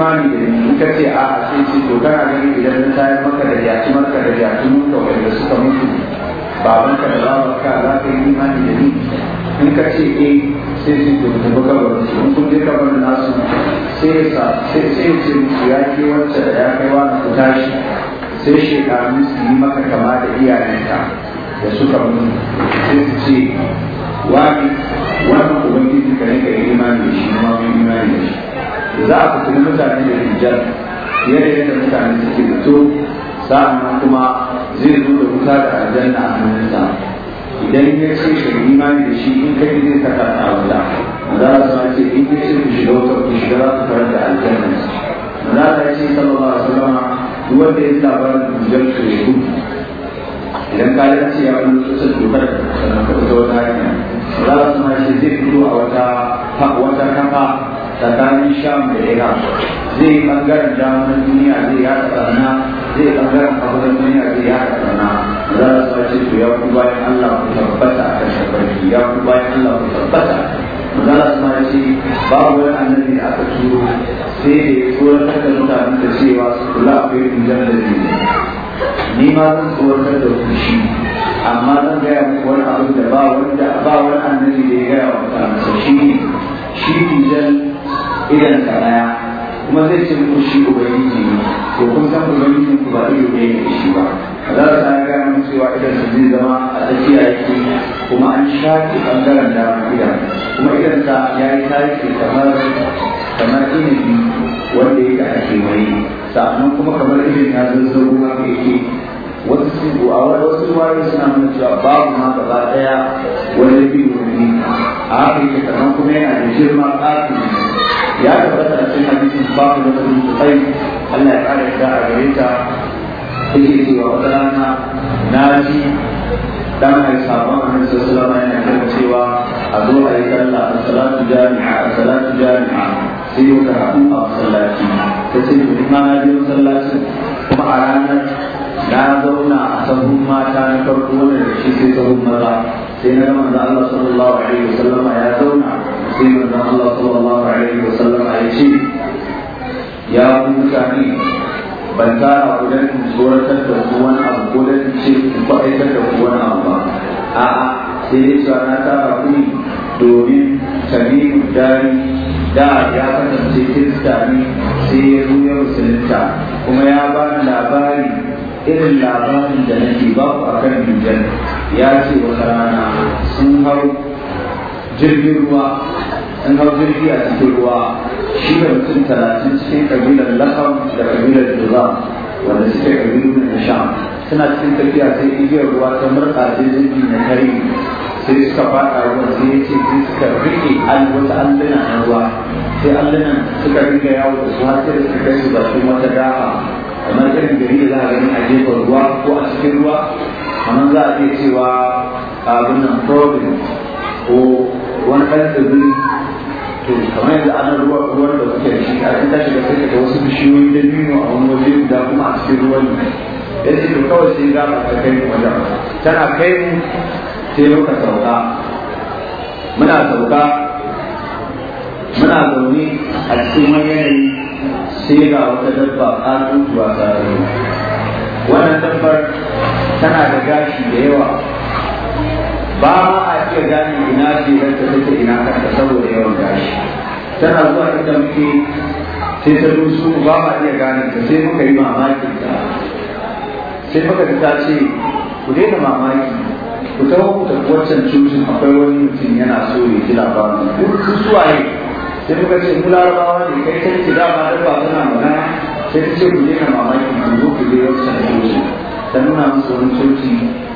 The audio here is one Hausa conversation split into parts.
imani da in ka ce a sai ce to kana ganin idan na tayar maka da yaci maka da yaci mun kawai da suka mutu baban ka da baban ka za ka yi imani da ni in ka ce eh sai ce to ta baka ba su in kun je ka bar su sai sa sai sai ce ya ke wacce da ya kai wani ku tashi sai shekaru su yi maka kama da iyayenka da suka mutu sai su ce wani wannan ubangiji ka ne ka yi imani da shi ma mun imani da shi za a fitini mutane da hijjar fiye da yadda mutane suke fito sa'annan kuma zai zo da wuta da aljanna a hannunsa idan ya ce shi imani da shi in kai zai saka ta wuta za a zama ce in ya ce ku shiga wuta ku shiga za su fara da aljanna za a ce sallallahu alaihi wasallam duk wanda ya labarin hujjar su ya idan ka ce ya wani kusa dokar sannan ka fita wata hanya za a zama ce zai fito a wata kafa tsakanin sham da iraq zai yi bangaren jamunan duniya zai yada barna zai bangaren abubuwan duniya zai yada barna za su sace to ya ku allah ku tabbata a kashe barki ya ku allah ku tabbata magana su ma ce babu annabi da aka sai da ya tsoratar da mutanen da cewa su kula akwai injan da zai ni ma tsoratar da kushi amma zan gaya muku da annabi da ya gaya shi idan ka daya kuma zai ce muku shi ubangiji ne to kun san ubangiji ku ba ido ne ne shi ba za su ta gaya mun cewa idan su zai zama a tsakiya yake kuma an shafi bangaren da ya kuma idan sa ya yi tashi kamar kamar ilimi wanda yake a kewaye sa'annan kuma kamar irin ya zazzaro haka yake wasu su a wasu ruwayoyi suna nuna cewa babu ma gaba daya wani bi wani a haka yake kamar kuma yana da girma kafin. ya tabbata a cikin hadisin babu da kuma sosai Allah ya kare da a gare ta take cewa wata rana na ji dan mai sabon annabi sallallahu alaihi wasallam yana cewa a zo a yi sallah a salatu jami'a a salatu jami'a sai yau ka haɗu a masallaci ta ce to ni ma na je masallaci kuma a ranar na zauna a sahun mata na farko wanda da shi sai sahun maza sai na ga manzo Allah sallallahu alaihi wasallam ya zauna sai Allah sallallahu alaihi wa sallam ya ce ya ni ban tara ku dan tsoratar da kuwan wani abu ko dan ce ku faɗaitar da kuwan wani abu ba a sai dai ana na tara domin tamimu dari da ya kasance kirista ne sai ya zo musulunta kuma ya ba ni labari irin labarin da nake ba ku akan Nijar ya ce wata rana sun hau jirgin ruwa an hau jirgi a cikin ruwa shi da mutum talatin cikin kabilar lakam da kabilar duza wanda suke kabilu na sham suna cikin tafiya sai igiyar ruwa ta murɗa da jirgi na kare sai suka faɗa ruwa sai ya ce sai suka riƙe wata alluna na ruwa sai allunan suka riƙe yawo da su har sai suka kai su su wata gafa kamar irin gari da za a gani a gefen ruwa ko a cikin ruwa kamar za a iya cewa abin nan province ko wani ɗan tsibiri to kamar yanzu ana ruwa ruwan da kuke da shi a cikin tashi da da wasu bishiyoyi da nino a wani waje guda kuma a cikin ruwan ya ce to kawai sai za ta kai mu wajen tana kai mu sai muka sauka muna sauka muna zaune a cikin wani yanayi sai ga wata dabba ƙatutuwa ta wannan dabbar tana da gashi da yawa ba a iya gani ina ce da ta take ina kanta saboda yawan gashi tana zuwa inda muke sai ta dusu ba ma iya gani. ta sai muka yi mamaki ta sai muka ta ce ku daina mamaki ku ta ta wancan cushin akwai wani mutum yana so ya ji labarin duk su suwaye sai muka ce mu larabawa ne kai kan ki dama da ba suna magana sai ta ce ku daina mamaki ku zo ku je wancan cushin ta nuna musu wani cushin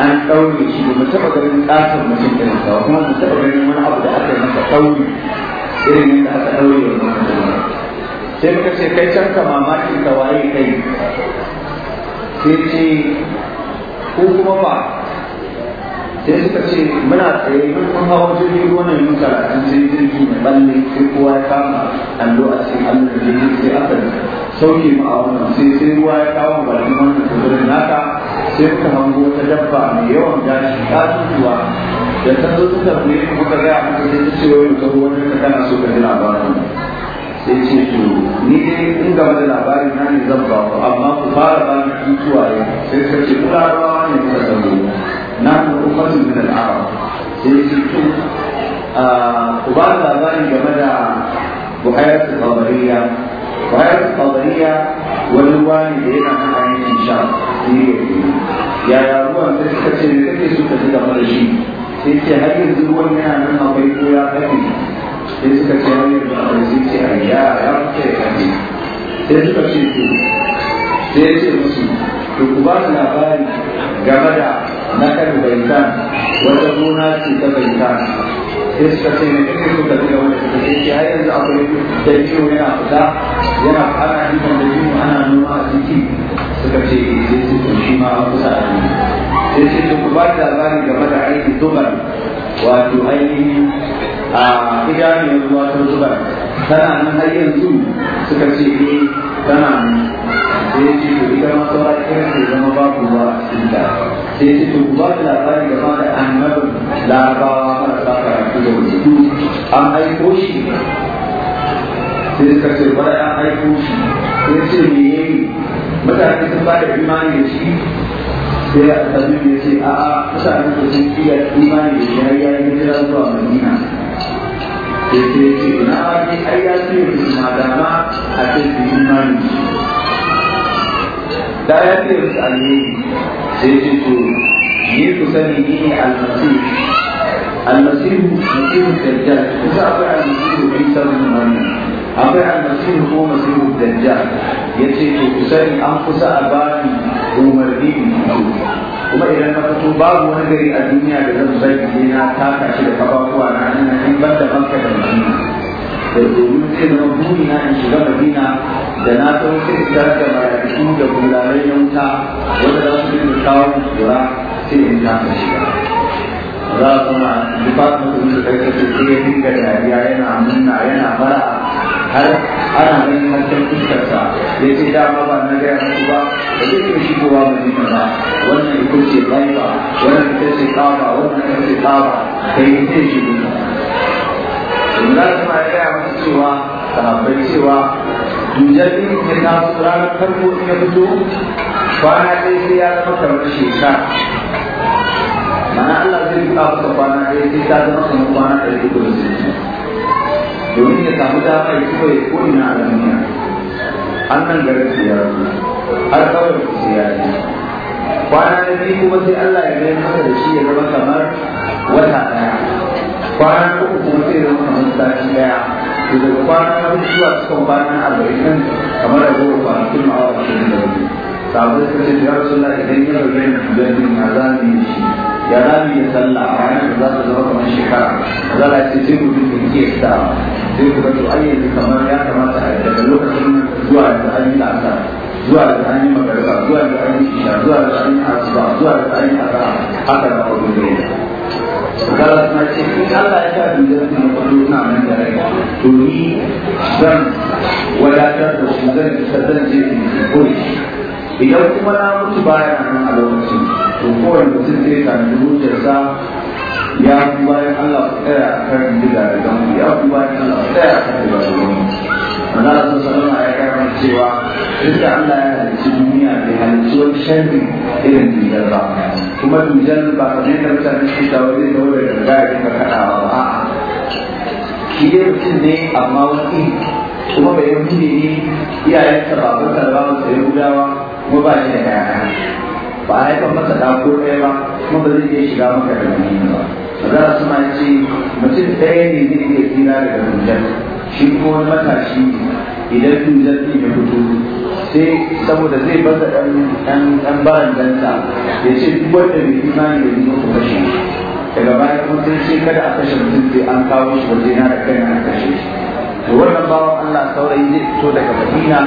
an ɗaure shi domin taɓa ganin ƙasar mutum irin sa kuma an taɓa ganin wani abu da aka yi masa ɗauri irin yadda aka ɗaure wa mutum sai muka ce kai can ka mamakin ka waye kai sai ce ko kuma ba sai suka ce muna tsaye mun kun hawa jirgi wannan yin karatu sai jirgi mai balle sai kowa ya kama allo a cikin allon jirgi sai aka sauke mu a wannan sai sai ruwa ya kawo bakin wannan kudurin naka sai ta hango ta dabba mai yawan gashi ta tutuwa da ta zo ta tabbe muka ga muka sai ta ce wai ta ruwan ta kana so ka ji labarin sai ce to ni dai in game da labari na ne zan ba ku amma ku fara ba ni tutuwa ne sai suka ce kula rawa ne muka sabo na ku kuma su min al'arab sai ce to ku ba labari game da buhayar tsabariya buhayar tsabariya wani wani da yana hana yankin sha ne yaya ruwan sai suka ce me kake so ci gaba da shi sai ce har yanzu ruwan yana nan akwai ko ya kafe sai suka ce har yanzu akwai sai ce a ya ya kuke da sai suka ce to sai ya ce musu to ku ba su labari game da na kan baitan wata gona ce ta baitan sai suka ce ne kake har yanzu akwai da biyu yana fita yana fara da ana noma a titi suka ce sai su kunshi kusa a sai da labari game da aikin zubar wato a idanun ruwa ta zuba tana nan har yanzu suka ce eh tana sai ce to ita ma saura irin ke zama ba ku ba a cikin ta sai ce to ku ba da labari game da annabin larabawa marasa karatu da wuce an aiko shi sai suka ce bari an aiko shi sai ce me ya yi mutane sun ba da imani da shi sai ya tsanin ya ce a'a mutane sun iya imani da shi har ya yi jira zuwa madina sai sai ce na wani ai ya ce musu madama a ce su imani da ya ce musu alheri sai ce to ni ku sani ni ne almasihu almasihu masihun dajjal kusa akwai almasihu isa bin wannan akwai almasihu ko masihu dajjal ya ce to ku sani an kusa a bani umarni in fito kuma idan ka fito babu wani gari a duniya da zan zai je na taka shi da kafafuwa na ina in ban da banka da madina da domin sai da mabuni na in shiga madina da na san sai da da mala'iku da gulalai na wuta wanda za su yi kawo da tsora sai in taka shiga za a zama duk ba su mutum da kai kake sai ya dinga dariya yana munna yana bara har ana ganin mantan fuskarsa ya ce dama ba na gaya muku ba ba zai iya shi madina ba ba, wannan ita ce baiba wannan ita ce kaba wannan ita ce kaba kai zai shi ba. Za su ma gaya muku cewa sahabbai cewa dujalli ya taso ranar farko in ya fito kwana ɗaya sai ya zama kamar shekara mana Allah zai buƙa masa kwana ɗaya sai ta zama kamar kwana ɗari da domin ya samu dama ya kuma ya ko'ina a duniya an nan garin su ya rasu har kawai su ya ce kwana na biyu kuma sai Allah ya gani masa da shi ya zama kamar wata ɗaya kwana uku kuma sai ya zama kamar sashi ɗaya to daga kwana na uku zuwa cikin kwana arba'in nan kamar da zuwa a wata ashirin da wani sabu suka ce ya rasu Allah idan ya rasu ne da zan yi shi ya za mu yi sallah a ranar da za ta zama kamar shekara za a ce sai mutum da ke sa sai ku to ai yanzu kamar ya kamata a daga lokacin zuwa da an yi la'asa zuwa da an yi magariba zuwa da an yi isha zuwa da an yi asuba zuwa da an yi azara haka na kwado da Kala suna ce, in Allah ya sha bin zai na kwado na nan da rai, to ni zan wadatar da su zan isa zan je in koyi idan kuma na mutu baya nan a lokacin to kowane mutum zai tanadi hujjarsa ya fi bayan Allah ku tsaya a kan diga da gamu ya fi bayan Allah ku tsaya a kan diga da gamu Allah sun sanarwa ya kama cewa duk Allah ya halicci duniya bai halicci wani sharri irin digar ba kuma dujar ba kamar da mutane su ta wani da wani da ga ya dinga kaɗawa ba a'a ne amma wani kuma bai yi mutu ne iyayensa ba ba da ba masa gudawa kuma ba shi da kaya ba a haifar masa da ko ɗaya ba kuma ba zai iya shiga maka da addini ba za su ma ce mutum ɗaya ne zai iya tsira daga hujjar shi ko wani matashi idan tun zafi ya hutu sai saboda zai baza ɗan barandanta ya ce duk wanda bai ne ya zo ku kashe daga baya kuma sai ce kada a kashe mutum sai an kawo shi waje na da kai na kashe shi to wannan bawan Allah saurayi zai fito daga Madina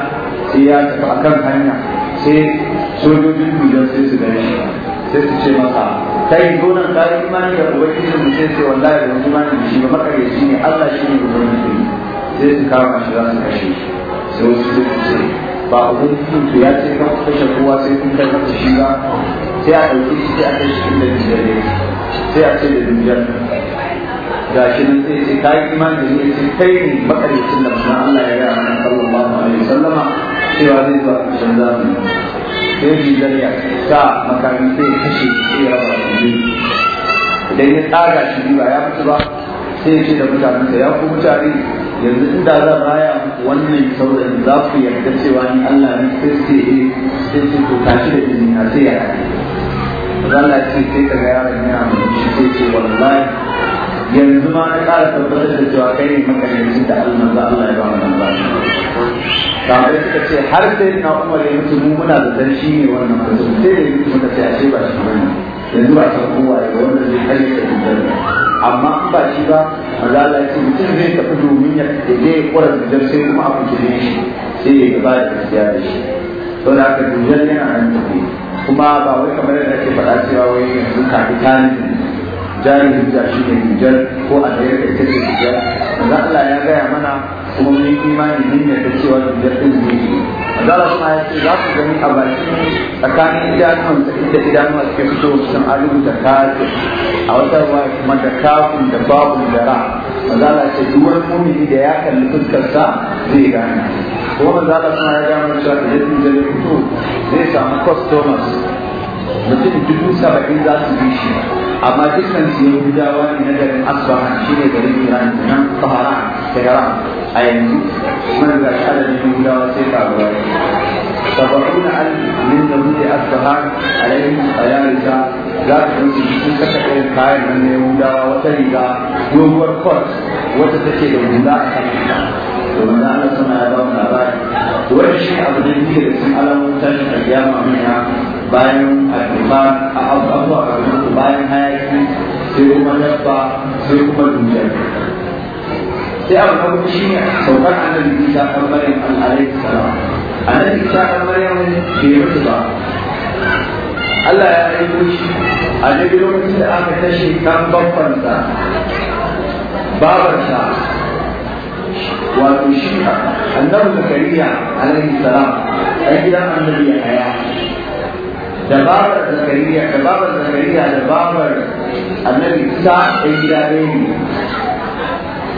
sai ya tafi akan hanya sai sojojin Hujjar sai su gare shi sai su ce masa kai yi nan ka yi imani da ubangijin mu sai sai wallahi da imani da shi ba shi ne Allah shi ne ubangiji sai su kama shi za su kashe sai wasu su ce ba ubangijin to ya ce kan kashe kowa sai kun kai masa shi ba sai a ɗauki shi sai a kai shi inda Hujjar sai a ce da Hujjar gashi nan sai sai kai imani da ne sai kai ne makalicin da manzon Allah ya ga annabi sallallahu alaihi wasallama cewa zai zuwa cikin zamani sai bi zariya ta makamin sai kashe sai ya raba shi idan ya tsaga shi ba ya mutu ba sai ce da mutanen ya ku mutane yanzu inda zan raya wannan sauran za ku yarda cewa ni Allah ne sai ce eh, sai ce to tashi da jini na sai ya haɗe. Allah ce sai ka ga yaron ya mai shi sai ce wallahi yanzu ma na ƙara tabbatar da cewa kai ne makamancin da Allah za Allah ya ba mu nan sahabbai suka ce har sai na Umar ya mutu mu muna da dan shi ne wannan mutum sai da mutu muka ce ashe ba shi ne, yanzu ba ta kowa ya wanda zai kare da dindar amma in ba shi ba maza Allah ya ce mutum zai tafi domin ya je ya kora dindar sai kuma a kuke shi sai ya gaba da gaskiya da shi to da haka dindar yana nan tafi kuma ba wai kamar yadda ake faɗa cewa wai yanzu kapitalin jari hujja shi ne hujjar ko a da ita ce manzo Allah ya gaya mana kuma mun yi imani ne ta cewa hujjar din ne manzo Allah kuma ya ce za ku gani a baki tsakanin idanuwan da inda idanuwa suke fito sun alubu da kafin a wata ruwa kuma da kafin da babu da ra manzo Allah ce duk wani mumini da ya kalli fuskarsa zai gane kuma manzo Allah kuma ya gaya mana cewa idan zai fito zai samu customers mutum dubu saba'in za su bi shi amma dukkan su gudawa ne na garin asuwa shi ne garin iran nan sahara tehran a yanzu man ga shi adadin gudawa sai karuwa na alifin min yahudi a alaihim ayyarika za su yi su sun kasa irin kayan nan na gudawa wata riga doguwar kot wata take da hula a kan domin da Allah suna ya ba labari wani shi abu ne da sun alamun tashin alƙiyama mun ya bayan al'imam a abubuwa karnuku bayan hayaki sai kuma dabba sai kuma duniya sai abu na kuma shine saukar annabi isa kan maryam alaihi salam annabi isa kan maryam bai mutu ba Allah ya aiko shi a jirgin lokacin da aka tashi kan babbansa babarsa wato shi annabi zakariya alaihi salam a gidan annabi ya haya da babar zakariya da babar zakariya da babar annabi isa da gida ɗaya ne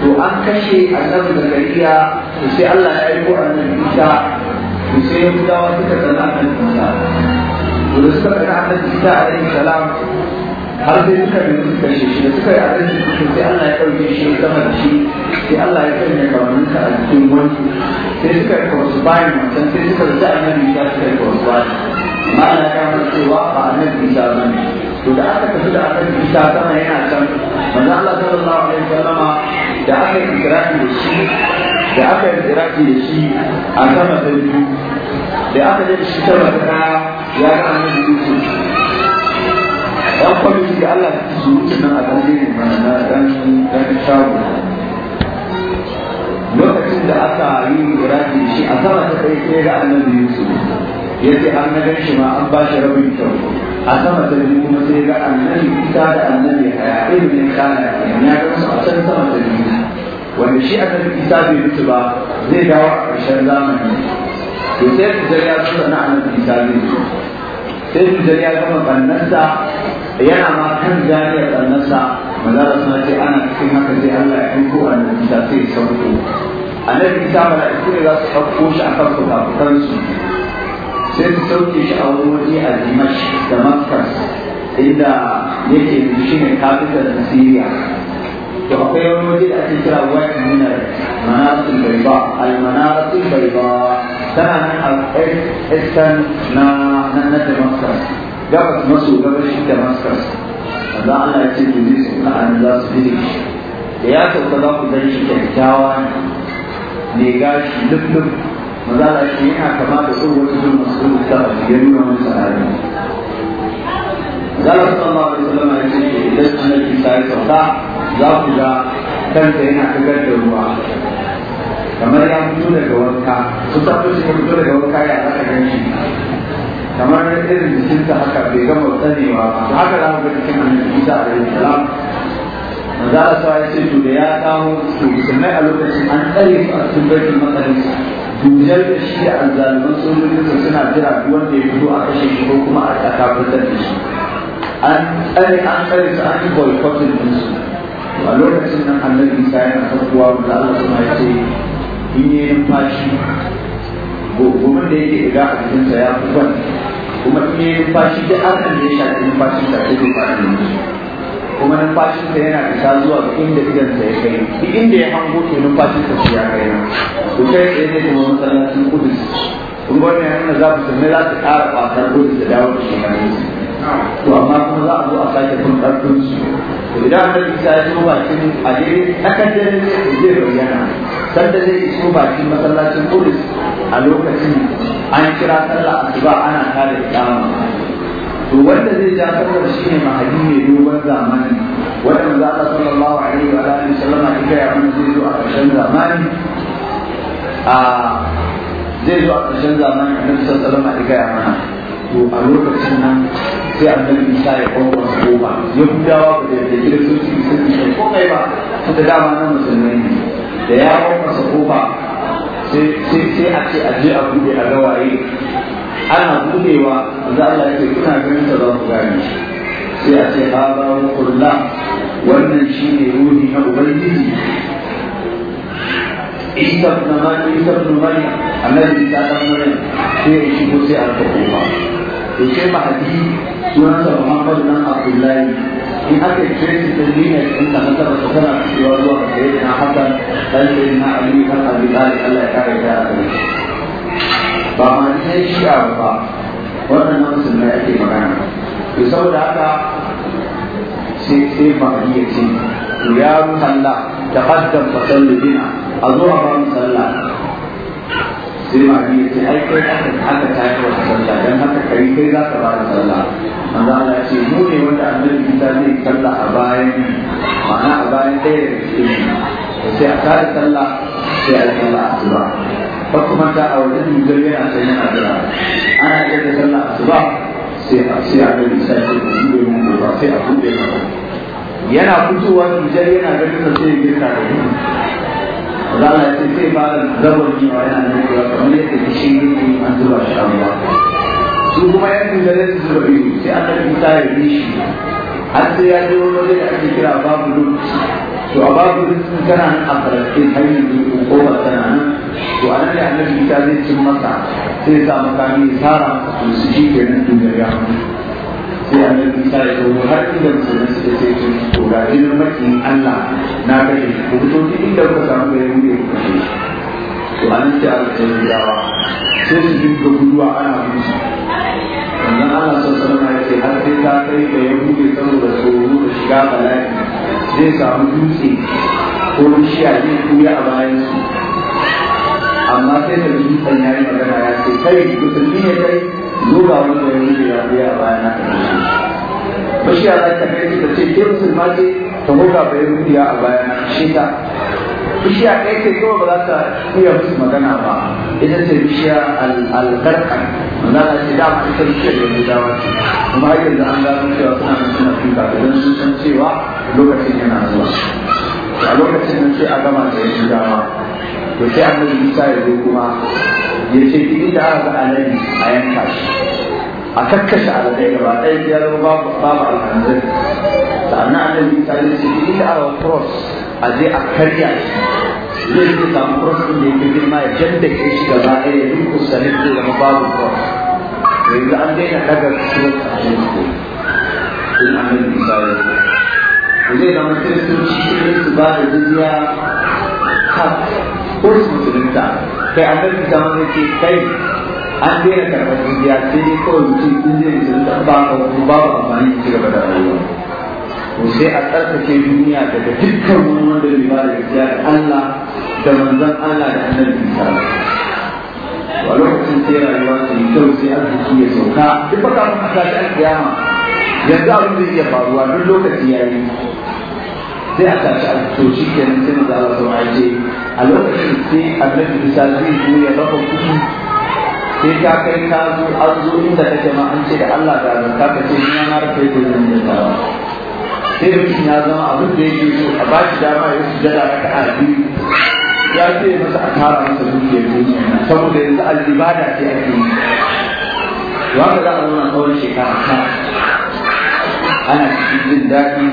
to an kashe annabi zakariya to sai Allah ya aiko annabi isa to sai gudawa suka zana annabi isa to da suka zana annabi isa alaihi salam har sai suka yi su kashe shi da suka yi adalci su sai Allah ya ɗauke shi ya zama da shi sai Allah ya a cikin wani sai suka sai mana ta mun cewa ba annabi isa ba to da aka tafi da annabi yana Allah sallallahu alaihi wasallama gerak yi sini, da ada gerak aka yi akan da shi a sama ta biyu da aka yi shi sama ta Allah ta su nan a kan mana dan dan lokacin da aka yi ikirari da shi a sama ta ɗaya ga annabi yace an na gan shi ma an ba shi rabin kyau a sama ta biyu kuma sai ga annabi isa da annabi haya ibn kana ya ga su a can sama ta biyu wanda shi annabi isa bai mutu ba zai dawo a ƙarshen zamani to sai ku ya tura na annabi isa zai zo sai ku ya gama bannansa yana ma kan jariyar bannansa manzara suna ce ana cikin haka sai Allah ya aiko annabi isa sai ya sauko annabi isa mala'iku ne za su ɗauko shi a kan fuka-fukansu sai su sauke shi a wani waje a dimash da maskas inda yake shi ne kafitar da siriya to akwai wani waje da ake kira white minar manaratul baiba al manaratul baiba tana nan a eastern na nan na damascus gabas maso gabashin damascus za Allah ya ce to zai sauka a nan za su dire da ya sauka za ku gan shi kyakkyawa ne gashi duk. maza da shi yana kama da tsohon wata jin masu ta ya nuna wani sarari za a san ba da sallama ya ce idan annabi sai sauka za ku ga kanta yana fitar da ruwa kamar ya fito daga wanka su tafi shi fito daga wanka ya aka gan shi kamar irin jikinta haka bai gama tsanewa ba haka za mu ga cikin annabi a alaihi salam maza da sa ya ce to da ya samu su musulmai a lokacin an tsare su a cikin baitul maqdis da shi da alzaliman sojojinsa suna jira duk wanda ya fito a kashe shi ko kuma a kafirtar da shi an tsare an tsare su an yi boycotting ɗinsu a lokacin nan annabi isa yana son kowa da Allah suna ya ce in yi numfashi gobe da yake iga a jikinsa ya fi kwan kuma in yi numfashi da an ya shafi numfashi da ake fara da kuma numfashinsa yana fita zuwa ga inda idansa ya kai duk inda ya hango to numfashinsa shi ya kai to kai tsaye zai kuma masallacin kudus kun gwamna ya nuna za ku sami za su ƙara ƙwasar kudus da dawo da shekarunsu to amma kuma za a zo a sake kun ƙarfin su to idan an ɗauki sa ya zo bakin a jere ne dare zai bayyana sanda zai iso bakin masallacin kudus a lokacin an kira sallah asuba ana kare ƙama to wanda zai ja saboda shi ne mahadi ne dogon zamani wanda za Allah sallallahu alaihi wa alihi wasallam ya kai ya mun zai zo a ƙarshen zamani a zai zo a ƙarshen zamani a nan alaihi wa alihi ya mana to a lokacin nan sai annabi Isa ya kwamba su goma yahudawa ba da da ci sun ce ko kai ba su da dama nan musulmai ne da ya kwamba su goma sai a ce a je a buɗe a gawaye ana buɗewa za a yake kuna ganin ta za ku gane shi sai a ce ha ba rukulla wannan shi ne ruhi na ubangiji isa ibn mali isa ibn mali annabi ta dan mali sai ya shigo sai a kafa ba to sai mahadi sunan sa Muhammad dan Abdullahi in aka ce shi da dina in ka nasara ta tana cewa zuwa ga yadda na hakan dan sai na Ali kan Abi Talib Allah ya kare ta a ba ma ne shi'a ba wannan na musulmai ake magana to saboda haka sai sai ba iya ce ya talla da haddan fasalli bina a zuwa ba mu sallah sai ma iya ce ai kai aka aka tafi wa sallah dan haka kai kai za ka ba da sallah amma Allah ce mu ne wanda annabi ta zai talla a bayan ma'ana a bayan ɗaya da cikin sai a tare sallah sai a yi sallah asuba ba kuma ta a wajen mutum yana sai yana jira ana iya da sallah asuba sai a sai a gani sai a buɗe mun ba sai a buɗe ka yana fitowa mutum yana ganin sa sai ya girka da gudu za a ce sai ba da zabar jiwa yana nan kuwa kamar yadda yin ne an zuba shi a ruwa su kuma yan mutum su zuba yi sai aka fita ya bi shi har sai ya je wani wajen da ake kira babu lokaci to a babu rizkin kana nan a falastin hanyar da ko koma tana nan to a nan da annabi ta zai cin masa sai sa makami ya tara to su shi ke nan tun da ya sai annabi ta ya zo har inda musulmi suka ce to to ga jinin maki Allah na kashe shi ko to duk inda kuka samu da ya wuce ku kashe to a nan sai aka kai yawa sai su dinga guduwa ana gudu sannan ana son sanar da ce har sai ta kai da ya buɗe saboda tsoro da shiga bala'i zai samu dutse ko bishiya zai tuya a bayan su amma sai da dutsen ya yi magana ya ce kai musulmi ne kai zo ba wani da yanzu ya tuya a bayan na bishiya za ta kai ta ce ke musulma ce ta hoka bayan rufiya a bayan shi ta bishiya kai ce kawai ba za ta iya musu magana ba ita ce bishiya alƙarƙa wanda ana ce dama ita bishiya da wani dawa ce kuma har yanzu an gano cewa suna nan suna tuka don sun san cewa lokacin yana zuwa a lokacin nan sai a gama da ya dawa to sai annabi bisa ya zo kuma ya ce idan da aka ga alaji a yanka shi a kakkashe aladai gaba ɗaya ya zama babu babu alhanzari sannan annabi bisa ya ce idan da aka cross a je a karya shi zai yi samu kursun da yake girma ya janda ke shi gaba ɗaya duk kusurin da zama babu kawai yanzu an daina daga kusurin a cikin ko in an yi misali zai zama kiristoci ne su ba da jizya kan kursun musulunta kai an daina zama ne ke kai an daina karɓar jizya sai dai kawai mutum in zai musulunta ba ka babu amfani ci gaba da rayuwa to sai a tsarkake duniya daga dukkan wanda bai ba da gaskiya da Allah da manzon Allah da annabi sallallahu alaihi a lokacin sai rayuwa ta yi kyau sai arziki ya sauka duk baka mun a tashi alkiyama yanzu abin da iya faruwa duk lokaci ya yi sai a tashi a to shi kenan sai maza Allah sama ya ce a lokacin sai annabi Isa zai zo ya rafa kuɗi sai ka kai ka zo an zo inda kake ma an ce da Allah da ka ce ni na rufe gurin da ta sai da mutum ya zama abin da yake so a ba shi dama ya su jada raka a biyu ya ce masa a tara masa dukiyar duniya saboda yanzu al'ibada ce ake yi to ka za a zauna tsawon shekara ta ana cikin jin daɗi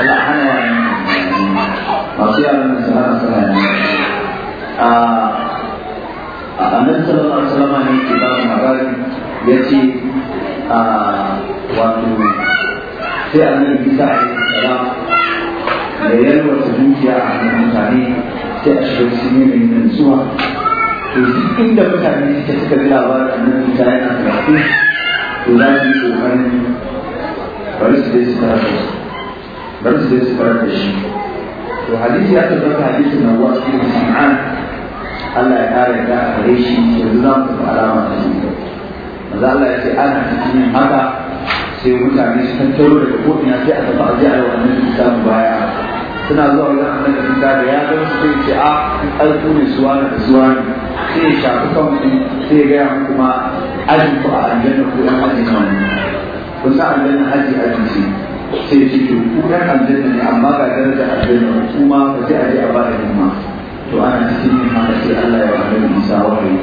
Allah hana wa masu yaran da su hana sana ne a annabi sallallahu alaihi wasallam ne ke ba mu magana yace a wato sai annabi isa alaihi salam da yalwar dukiya a kan mutane sai a shiga su ne mai nutsuwa to duk inda mutane suke suka ji labarin annabi isa yana su to za su yi kokarin bari su dai su su bari su dai su da shi to hadisi ya tabbata hadisi na yi musamman Allah ya kare ka a gare shi yanzu za mu tafi alama ta shi. Maza Allah ya ce ana cikin haka sai mutane su tattaro daga ko'ina sai a tafi aje a yau annabi isa mu baya suna zuwa wajen annabi isa da ya zama su sai ce a ah, alfu ne suwa da suwa sai ya shafi kanku sai ya gaya muku ma ajin ku a aljanna ko ɗan ajin wani kun san aljanna aji aji ce sai ya ce ku ku ɗan aljanna ne amma ga daraja aljanna kuma ka je aje a ba da kuma to ana cikin yin haka sai Allah ya wa annabi isa wahayi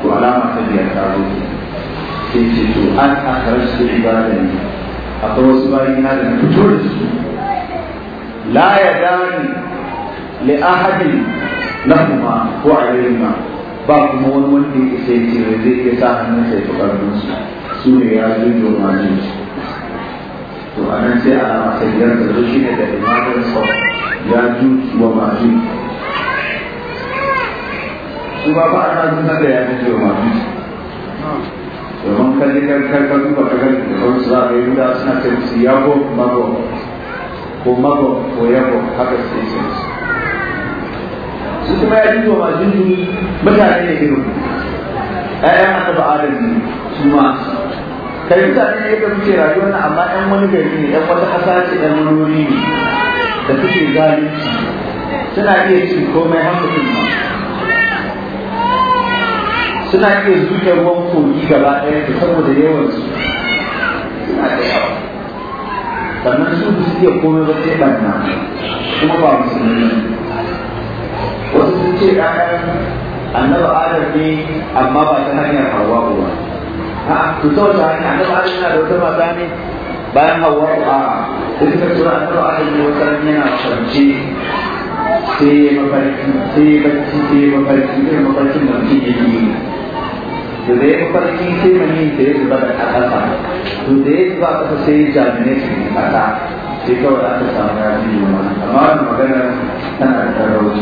to alama ta biyar ta zo sai ce to an akarar su akwai wasu bayi na da na fito da su la ya dani li ahadin lahuma ko ba kuma wani wanda ya ya ce zai iya sa hannun sai su su ne ya zo da majin to a nan sai a masajiyar da zo shi ne da imanin sa ya wa su ba ba a na zuwa da ya ju wa domin kalli kai ka duba ka gani da sauransu za a yi guda suna ta musu yago mago ko mago ko yago haka su yi sauransu su kuma ya jizo ma jinjin mutane ne irin ƴaƴan aka ba adam jini su ma Ka yi mutane ne ka muke rayuwar nan amma 'yan wani gari ne ƴan wata ƙasa ce ƴan wani wuri ne da suke zalunci suna iya cin komai har mutum ma suna iya zuke ruwan kogi gaba ɗaya da saboda yawan su suna da yawa sannan su su iya komai ba sai ɓanna kuma ba musulmi wasu sun ce ɗayan annaba adar ne amma ba ta hanyar hawa ba ha su ta wata hanya annaba adar yana da wata mata ne bayan hawa a duk da tura annaba adar ne wata yana kwance sai mafarki sai mafarki sai mafarki sai mafarki mafarki mutum Judeus pergi ini Judeus bukan apa-apa. Judeus waktu saya jamin ini kata jika orang kesalahan di rumah, kamar makan sangat terus.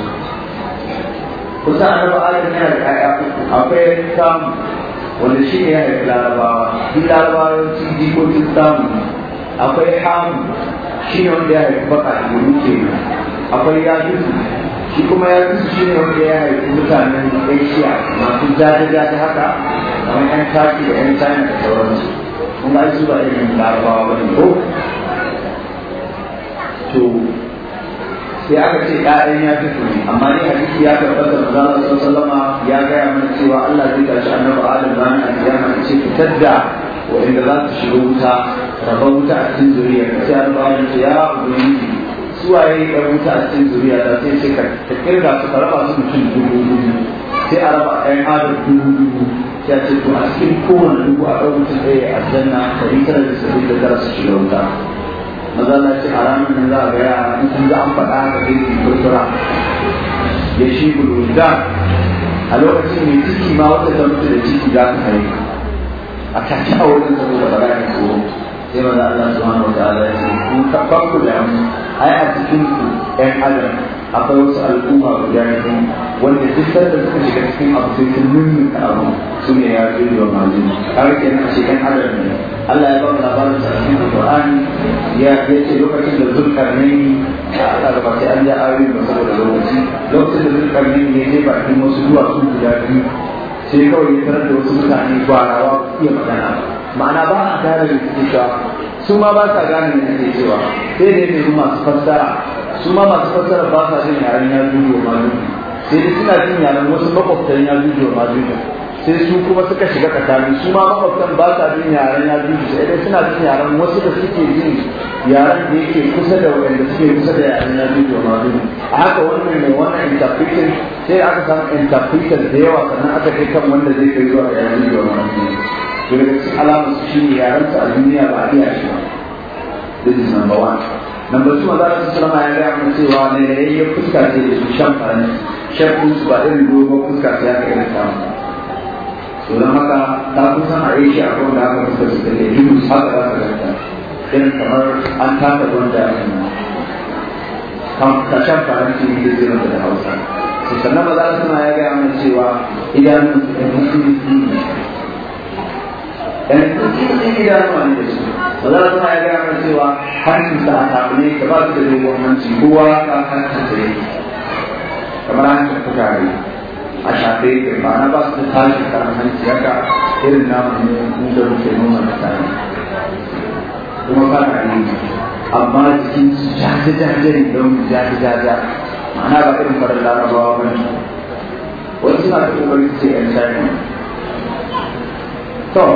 Kusan ada ada dengan apa apa sam wani shi ne ya haifi larabawa duk larabawa sun ji ko akwai ham shi ne ya haifi baka da akwai shi kuma ya fi shi ne wanda ya haifi mutanen asia masu jajaja ta haka kamar yan taki da yan china da sauransu kuma ai su ba irin larabawa ba ne ko to sai aka ce ɗayan ya fi ne amma ni hadisi ya karɓar da zama sallama ya gaya mana cewa Allah zai tashi annabi Adam a alkiyama ya ce fitar da waɗanda za su shiga wuta rabon wuta a cikin zuriya sai annabi Adam ya ubangiji suwaye ya wuta a cikin zuriya ta sai ce ka ta ga su ka raba su mutum dubu dubu sai a raba ɗan adam dubu dubu sai a ce to a cikin kowane dubu a ɗau mutum ɗaya a janna ɗari tara da saba'in da tara su shiga wuta maza na ce a ranar nan za a ga yara in sun za an faɗa haka zai yi furfura ya shi guda a lokacin mai ciki ma wata ta mutu da ciki za ta haihu a take a zama da ba za ka tsoro sai da Allah subhanahu wa ta'ala ya ce ku tabbaku da mu ai a cikin ku ɗan adam akwai wasu al'umma guda biyu wanda duk sanda suka shiga cikin abu sai sun mimminta abu su ne ya fi da mazin har ke nan ce ɗan adam ne Allah ya ba mu labarin sa cikin Qur'ani ya ce lokacin da zulkarnaini a ba an ja ayoyin ba saboda lokaci lokacin da ne ya ba bakin wasu duwatsu guda biyu sai kawai ya tarar da wasu mutane ba rawa iya magana ba ma'ana ba a tare da suke cewa su ma ba sa gane da ke cewa sai dai nemi masu fassara su ma masu fassara ba sa jin yaren ya jujo ma jujo sai dai suna jin yaren wasu makwabtan ya jujo ma jujo sai su kuma suka shiga tsakani su ma makwabtan ba sa jin yaren ya jujo sai dai suna jin yaren wasu da suke jin yaren da yake kusa da wanda suke kusa da yaren ya jujo ma jujo a haka wannan mai wannan interpretation sai aka samu interpretation da yawa sannan aka kai kan wanda zai kai zuwa yaren ya jujo ma jujo daga cikin alamar su shine yaran a duniya ba a iya shi ba this is number one number two maza su sallama ya gaya mana cewa ne ya yayyen fuska ce da su shan faranci shakku su ba irin dogon fuska ce aka irin samu to don haka ta kusan a yi shi a kan da aka fuska su da ke jinu haka za ka ganta irin kamar an taka gwanda a kan ka shan faranci ne zai da hausa sannan maza suna ya gaya mana cewa idanun su da musulmi yan tsotsi idanuwa ne da ya cewa hancinsa a da ba su da dogon hanci kowa ka hancinsa yake a ba su ta irin ne da muke nuna mutane kuma ba yi amma jikin su jaje jaje ne don mu jaje jaje ba irin farin larabawa ba ne wasu suna da kokari ce yan shafi So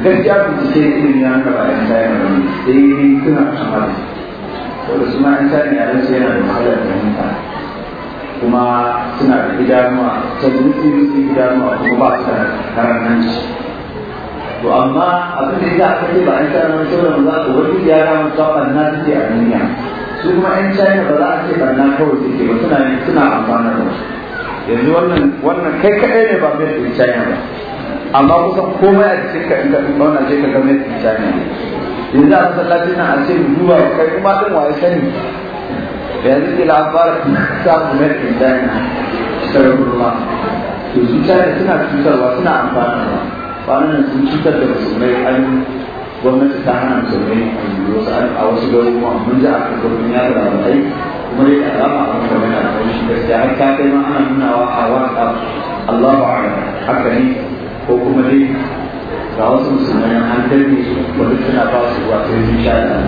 gaskiya ku ji sai irin ya ka yan tayin rauni sai kuna kamar wanda su ma yan tayin ya yana da wahalar fahimta kuma suna da idanuwa ta zuci zuci idanuwa kuma ba da to amma abin da ya kace ba an tayin rauni sauran za su wani yara musamman na suke a duniya su kuma yan tayin ba za a ce barna kawai suke ba suna amfana da wasu yanzu wannan kai kaɗai ne ba mai yan tayin ba amma kusan komai a cikin ka inda ka zauna je ka gane mai fita ne yanzu a masallacin na a ce duba kai kuma din waye sani yanzu ke labarar ta kuma mai fita ne sarrafa su zuciya da suna cutarwa suna ba kwanan sun cutar da musulmai an gwamnati ta hana musulmai wasu a wasu gari kuma mun ji a kan gwamnati ya da rabai kuma dai alama a kan gwamnati a kan shi gaskiya har ta kai ma ana nunawa a wata Allahu a'lam haka ne ko kuma dai ga wasu musulmai an danne su wani suna ba su ruwa sai sun sha da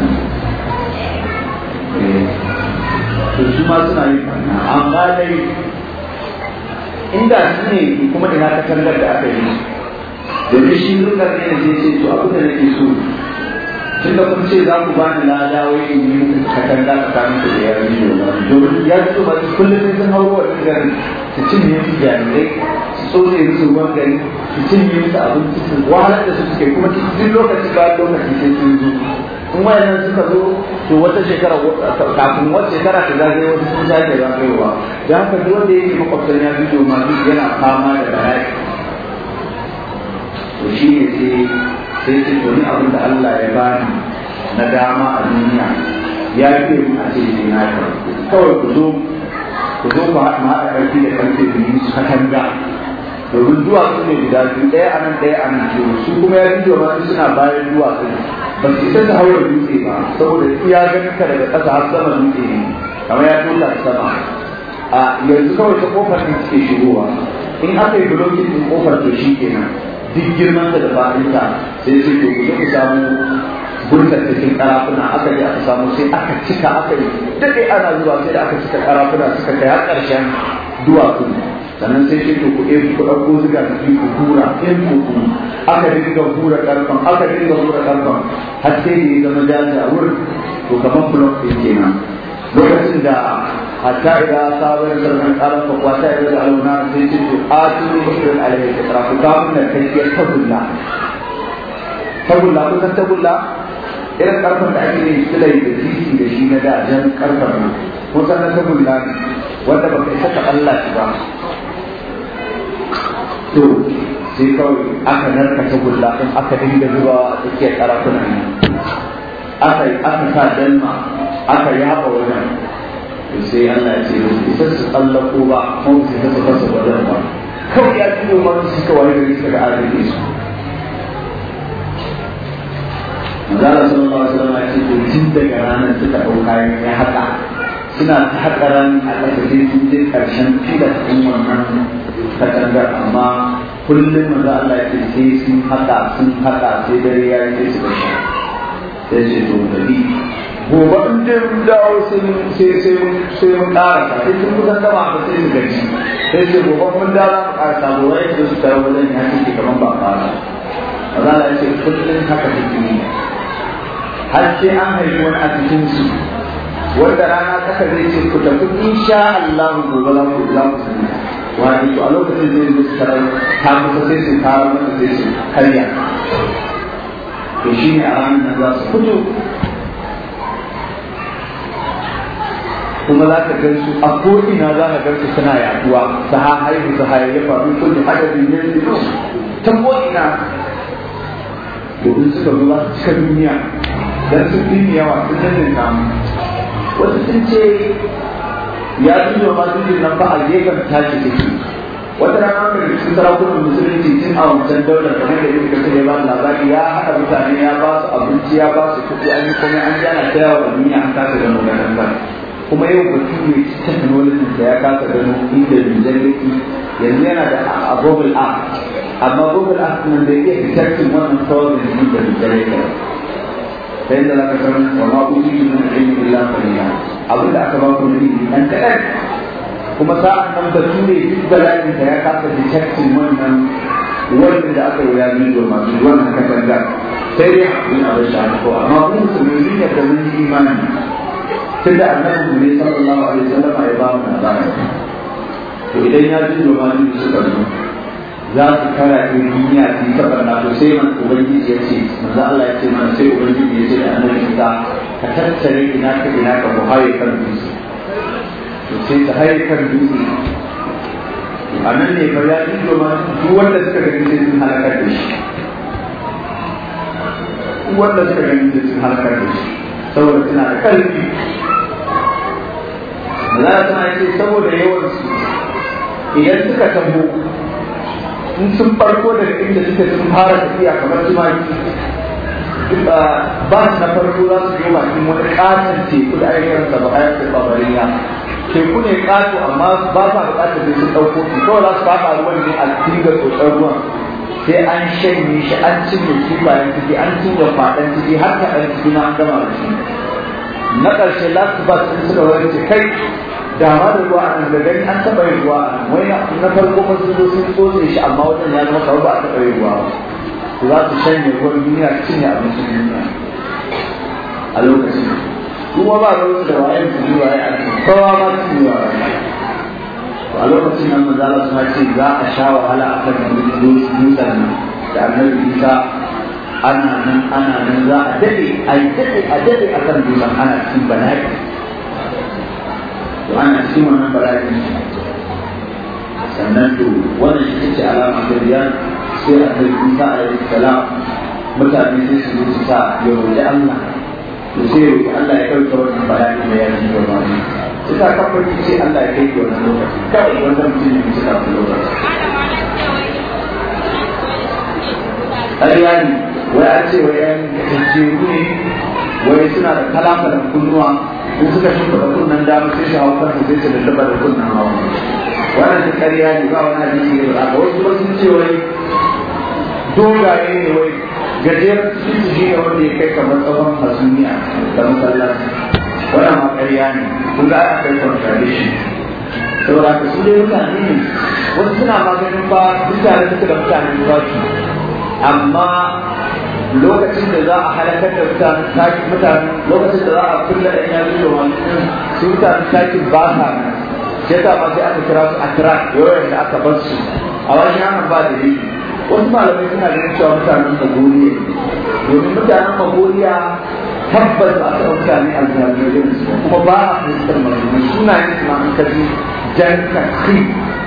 eh, to su ma suna yin fanna amma dai inda su ne kuma ina ta kallar da aka yi domin shi lokacin ne da ya ce to abu da nake so tun da kun ce za ku ba ni lada wai in yi ka tsakanin ku da yaran yau ba domin ya ji ba su kullum sun hau wa duk gari su cinye su jarirai su tsotse musu ruwan gari su cinye musu abinci su wahala da su suke kuma duk lokaci ba lokaci sai sun zo in wayannan suka zo to wata shekara kafin wata shekara ta zagaye wasu sun da haka duk wanda yake makwabtan ya bidiyo ma duk yana fama da bala'i to shi ne sai sai ce domin abin da Allah ya bani na dama a duniya ya fi mu a ce ne na kawai ku zo ku zo ku haɗa haɗa ƙarfi da ƙarfe biyu su canza. domin zuwa duwatsu ne guda biyu ɗaya a nan ɗaya a nan ke su kuma ya biyo ma suna bayan duwatsu ba su isa da haura dutse ba saboda ya ganin ka daga ƙasa har sama dutse ne kamar ya tola sama a yanzu kawai ta ƙofar ne suke shigowa in aka yi bulokin ɗin kofar to shi kenan duk girman da ta sai sai ko ku ku samu burkar cikin karafuna aka yi aka samu sai aka cika aka yi dade ana zuwa sai aka cika karafuna suka kai har karshen duwatsu sannan sai sai ku ɗaya ku ɗauko zuga jiki ku hura in ku ku aka dinga hura karfan aka dinga hura karfan har sai ne ya zama jaja wurin to kamar fulon ke nan. lokacin da hatta idan sabon sarkin karan da sai ce to a ta tsara ku tagulla tagulla ko san tagulla irin da ake yin silai da titi da shi na san na tagulla ne wanda ba kai saka Allah shi ba to sai kawai aka narka tagulla in aka dinga zuba a tsakiyar aka aka sa dalma aka yaba wajen sai Allah ya ce isa su tsallako ba kuma su ta su wajen ba kawai ya tuno masu suka wani gari suka arziki su Allah sallallahu alaihi wasallam ya ce to jin daga ranar suka ɗau kayan ya haɗa suna ta haƙa ran a ƙasa sun je karshen fila ɗin wannan katangar amma kullum maza Allah ya ce sai sun haɗa sun haɗa sai dare ya yi su da sai ce to da gobe in je mun dawo sai mun sai sai mun ƙara ta sai kun kusan gama ta sai mun gani sai ce gobe mun dawo mu ƙara sabo gobe ya ce su tare wajen ya ce kamar ba fara Allah ya ce kullum haka take yi har sai an haifi wani a cikin su wanda rana kaka zai ce ku tafi insha Allah gobe za ku za ku sani wani to a lokacin zai zo su tare ta kusa sai su fara mata sai su karya to shine a ranar da za su fito kuma za ka gan su a ko'ina za ka gan su suna yaduwa su ha haihu su hayayyafa duk faru ko ne ta ko'ina domin suka zo za su cika duniya dan sun fi yawa sun danne namu wasu sun ce ya ji da ma duk nan ba a gefen tashi take wata rana mai da cikin sarakunan musulunci cin a wancan daular kamar da yake kasar ba na labari ya haɗa mutane ya ba su abinci ya ba su kuɗi an yi komai an jana ta yawa duniya an kasa da maganar kuma yau mutum ne technology da ya kasa gano inda bijan yake yanzu yana da a google app amma google app nan da iya detecting wannan sauran da bijan yake ta yadda za ka san wa ma ku yi illa abin da aka ba ku ne kuma sa'an nan ba tune duk da ya kasa detecting wannan wanda da aka yi yamin da masu wannan katanga sai dai hakuri a bashi ko amma kuma su ne da mun imani sai a annabi ne sallallahu alaihi wasallam ya ba mu labari to idan ya ji za su kara in duniya su yi na sai man ubangiji ya ce manzo Allah ya ce mana sai ubangiji ya ce da annabi ta ka tattare ina ka ina ka buhaye kan dutse to sai ta kan dutse a nan ne ba ya ji da mali wanda suka saboda suna da ƙarfi Allah ta ce saboda yawan su idan suka taho in sun farko daga inda suka sun fara tafiya kamar jimaki ba su na farko za su koma cikin wani katon teku da ayyukan sa ba a teku ne kato amma ba sa bukatar da su ɗauko su kawai za su faɗa ruwan ne a cikin ga tsotsar ruwan sai an shanye shi an cinye kifayen ciki an cinye faɗan ciki har ka ɗan ciki na an gama da shi na ƙarshe last bus ɗin suka wani ce kai dama da ruwa a da gani an taɓa yi ruwa an wai na farko masu sun zo sun tsoce shi amma wajen ya zama kawai ba a taɓa yi ruwa ba za su shanye ruwan duniya su cinye abincin duniya a lokacin kuma ba ruwan da wayan su zuwa ya kowa ba su zuwa a lokacin nan maza za su ce za a sha wahala a kan dutsen nan da annabi isa ana nan ana nan za a daɗe a daɗe a daɗe a kan dutsen ana cikin bala'i to ana cikin wannan bala'in sannan to wannan ita ce alama ta biyar sai a kai isa alaihi salam mutane sai su zo su sa ya roƙi Allah to sai Allah ya kauce wannan bala'in da ya ji gaba ne ita kafin ce Allah ya kai ki wannan lokaci kawai wannan mutum ne cika lokaci ƙaryani wai an ce wa yan kace ne wai suna da kalafalan kunnuwa in suka shimfiɗa da dama sai shi hau kansu sai su lulluɓa da kunnen ba wannan da kariya ne ba wani da yake ba wasu kuma sun ce wai dogaye ne wai gajiyar sun shi ne wanda ya kai kamar tsawon hasumiya da masallaci wannan ma kariya ne kun ga aka kai kwantare shi saboda haka su dai mutane ne wasu suna maganin ba da suka da mutane ba su amma lokacin da za a halakar da mutane sakin mutane lokacin da za a kulla da ina zuwa wani su mutane sakin ba sa sai ta ba sai aka kira su a kira yawan da aka bar su a wani yanar ba da yi wasu malamai suna ganin cewa mutanen magoriya domin mutanen magoriya tabbas a taɓa mutane a jami'ai kuma ba a fahimtar magana sunayen suna an kaji jan kakri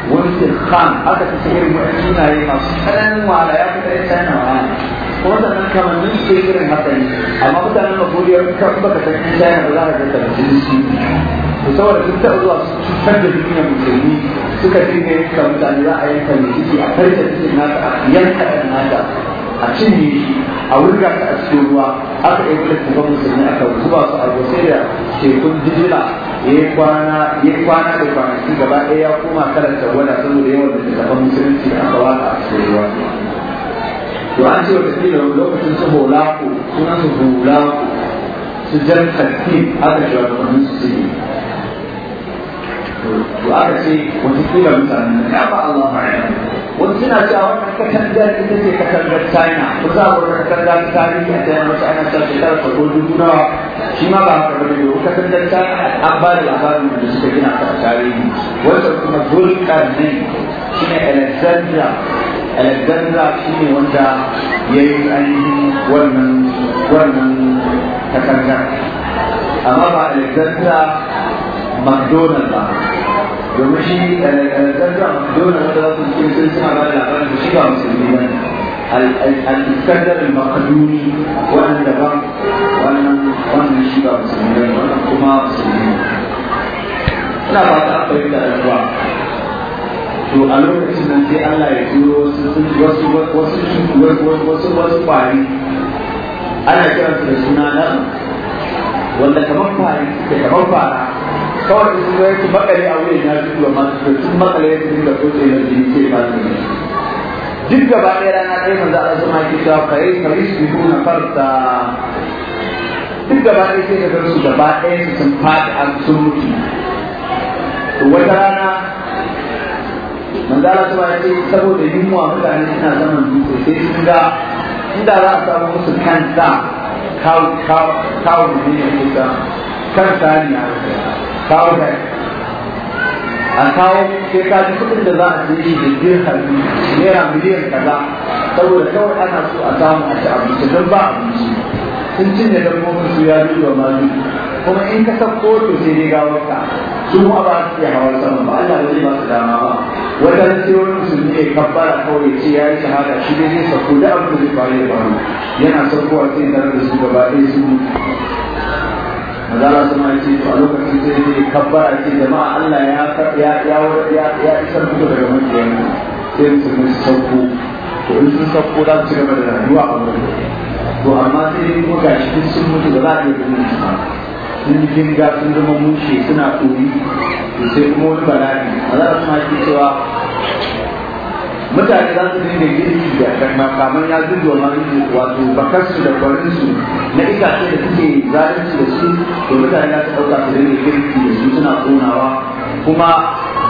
wani sirkhan aka ta irin wani sunaye masu tsananin wahala ya fi ɗaya tsananin wahala waɗannan kamannin su irin haka ne amma mutanen magoriya kan baka san in china ba za ka ga tabbacin su to saboda sun taɓa zuwa su cutar da duniya musulmi suka dinga yanka mutane za yanka mai a farce cikin nasa a nasa a cinye a ka a cikin ruwa aka yi wani kuma musulmi sai da ya kwana da kwanaki gaba ya koma karanta wada saboda yawan da tattafan da aka waka a cikin ruwa to an ce wa kabila lokacin su holaku sunan su holaku su jan tartib aka shugabannin su yi to aka ce ya ba Allah ma ya wani suna cewa wannan katangar ita ce katangar China ko za a wurin katangar tarihi a China wata ana ta shekarar farko dubu nawa shi ma ba haka ba ne domin katangar da labarin da suka gina ta tarihi wanda kuma zulkarnin alexandra shi ne wanda ya yi ainihin wannan wannan takardar amma ba alexandra mcdonald ba domin shi eh, alexandra mcdonald da su ke sun suna ba da labarin da shi ba musulmi ba alexander al-makaduni wannan daban wannan wannan shi ba musulmi ba wannan kuma musulmi ina ba ta akwai da ruwa to a lokacin nan sai Allah ya turo wasu wasu wasu wasu kwari ana kira su da suna nan wanda kamar kwari da kamar fara kawai su zai yake makale a wuyan ya fi wa masu sun makale ya fi da kusa yana jini ke ba su ne duk gaba ɗaya rana ɗaya manzo Allah sama ke cewa kare kare su bi kuma farta duk gaba ɗaya sai ka su gaba ɗaya su sun fada sun mutu wata rana manzala ta ba ce saboda yunwa mutane suna zaman dutse sai sun ga inda za a samu musu kansa kawo kawo ne yin kusa kansa ne a kawo da a kawo sai ka ji kudin da za a ce shi da dirham naira miliyan kaza saboda kawai ana so a samu a ci abinci don ba abinci sun cinye dabbobin su ya duba ma duk kuma in ka sauko to sai dai gawar ka su ma ba su iya hawar sama ba Allah ba zai ba su dama ba wajen sai sun ya kabbara kawai ce ya yi shahada shi dai zai sauko da abu da zai faru ya faru yana a sai tare da su gaba ɗaya su mazala su ma ce to a lokacin sai dai kabbara ce jama'a Allah ya ya ya ya isar muku daga makiyayen sai musulmi su sauko to in sun sauko za su ci gaba da rayuwa a wurin to amma sai dai kuma ga shi sun mutu da za a iya gudun su sun jirga sun zama mushe suna ɗori sai kuma wani bala'i a za su ma ke cewa mutane za su dinga girki da karma kamar ya zuwa yi wato bakarsu da kwarinsu na itace da suke zalunci da su to mutane za su ɗauka su dinga girki da su suna kuma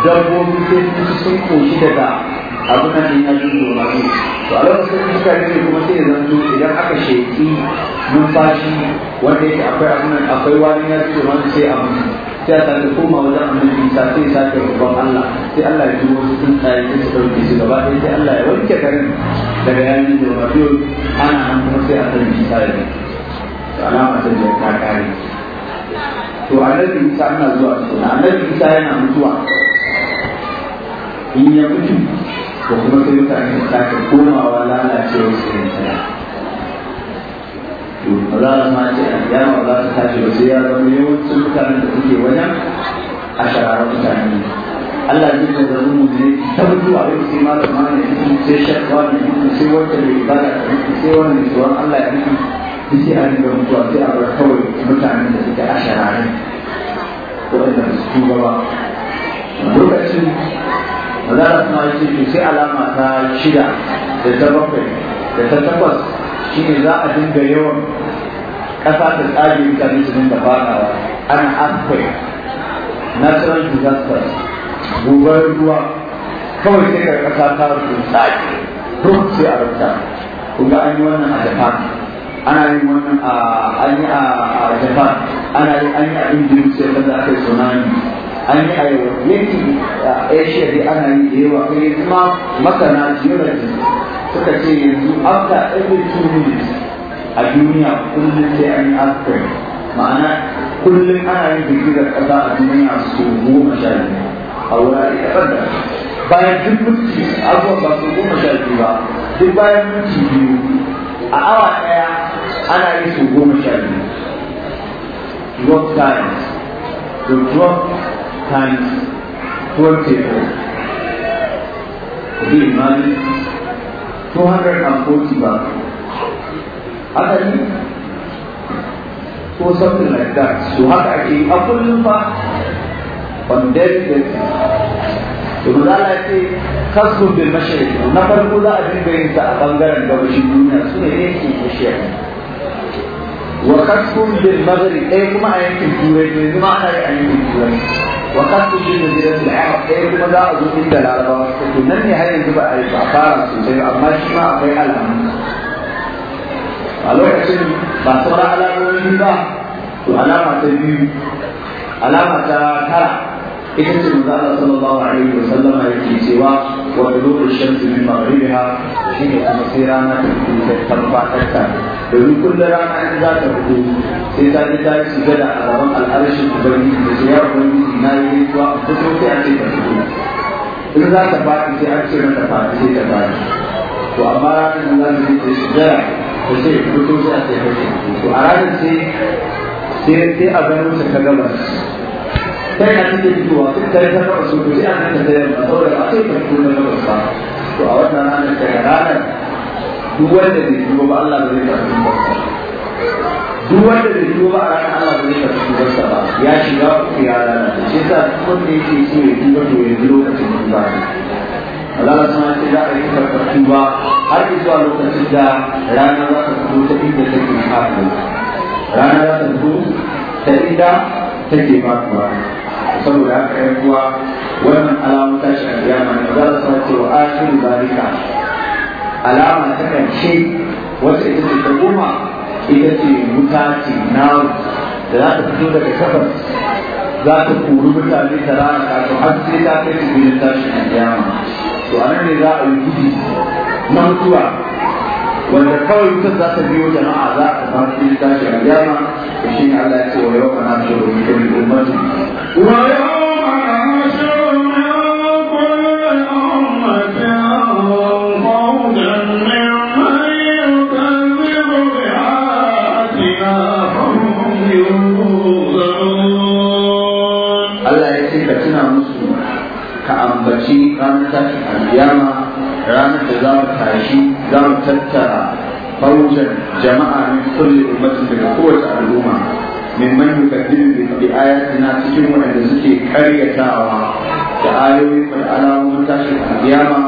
dabbobi sai sun koshi daga abu nan din ya juzo ma ne to a lokacin da suka ne kuma sai ya zanto idan aka sheki numfashi wanda yake akwai abu nan akwai wani ya juzo ma sai abu sai a sake koma wajen annabi Isa sai sake babban Allah sai Allah ya ji dubo sun tsaye sai su ɗauke su gaba ɗaya sai Allah ya wanke garin daga yanin da rabiyo ana nan kuma sai a annabi Isa ya to alama ta da ta kare to annabi Isa ana zuwa cikin annabi Isa yana mutuwa in ya mutu ko kuma sai mutane su sake komawa lalacewa su yin tsaya to ba za su mace a kiyama ba su tashi ba sai ya zama yawancin mutanen da suke wajen a shararar mutane Allah ya zai ka zama mu ne ta mutu a yau sai malama ne sai shakwa ne sai wata mai ibada ta mutu sai wani tsoron Allah ya mutu duk sai an ga mutuwa sai a bar kawai mutanen da suke a shararar waɗanda su tuba ba lokacin maza da suna yi sai alama ta shida da ta bakwai da ta takwas shine za a dinga yawan ƙasa ta tsage mutane su dinga faɗawa ana akwai natural "disaster" gobar ruwa kawai sai ka ƙasa ta rufe tsage duk sai a rufe kun ga an yi wannan a japan ana yin wannan a an yi a japan ana yi an yi a indonesia da aka yi tsunami an yi a yankin asia dai ana yi da yawa kai kuma masana geology suka ce yanzu after every two minutes a duniya kullum sai an yi earthquake ma'ana kullum ana yin girgizar ƙasa a duniya su goma sha biyu a wurare daban-daban bayan duk minti abubuwan ba su goma sha biyu ba duk bayan minti biyu a awa ɗaya ana yi su goma sha biyu drop times to drop times 12 people. Could you imagine? 240 bucks. Haka ne? something like that. So haka ake a on daily basis. Domin Allah kasbun bil mashriq na farko za a dinga sa a bangaren gabashin duniya su ne ne wa kasfun bil maghrib ɗaya eh, kuma a yankin turai ne zuma ana yi a yankin turai wa kasfun bil jaziratul arab ɗaya eh, kuma za a zo inda larabawa suka to nan ne har yanzu ba a yi ba fara sosai amma shi akwai alamu a lokacin ba sauran ba to alama ta biyu alama ta ita ce manzo Allah sallallahu alaihi wa sallama yake cewa wa dulu shamsi min maghribiha shine kuma sai rana ta fito ta tabbatar ta domin kullum rana in za ta fito sai ta ji ta ci gada a gaban al'arshin ubangiji da ce ya ubangiji na yi rituwa ta so sai a ce ta fito in za ta faɗi sai an ce mata faɗi sai ta faɗi to amma ranar da za ta je ta shigara ta ce fito sai a ce ta fito to a ranar sai sai a ganin ta gabas sai a cikin zuwa duk sai ta fara su kuji an ta da yamma saboda ba sai ta kuma na wasa to a wannan ranar ta ranar duk ba Allah bai ta kuma duk wanda bai duba ba ran Allah bai ta kuma ba ya shiga ku ya rana shi yasa kun ne yake so ya duba to ya Allah ta ma ce za a yi karɓar duba har zuwa lokacin da ranar za ta fito ta inda take haɗu ranar ta ta take fatuwa saboda haka ‘yan kuwa wannan alamun tashi a kiyama ne za su san cewa ashin zalika alama ta ƙarshe wacce ita ce ta goma ita ce wuta ce da za ta fito daga kafar za ta kuru mutane ta rana ta har sai ta kai su gudun tashi a kiyama to anan ne za a yi gudu na mutuwa wanda kawai wutar za ta biyo jama'a za a samu cikin tashi a yamma da shi ne Allah ya ce wa yau ana shirin mutum ummati wa yau ana shirin Allah ya ce ka tuna musu ka ambaci ranar tashin alkiyama ranar da za mu tashi za mu tattara faujan jama'a min kulli ummatin daga kowace al'umma min man yukaddimu bi na cikin wanda suke karyatawa da ayoyin alamomin tashin alƙiyama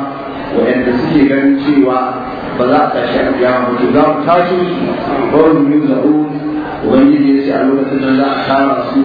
wanda suke ganin cewa ba za a tashi alƙiyama ba za mu tashi barin min za'u ubangiji ya ce a lokacin da za a kara su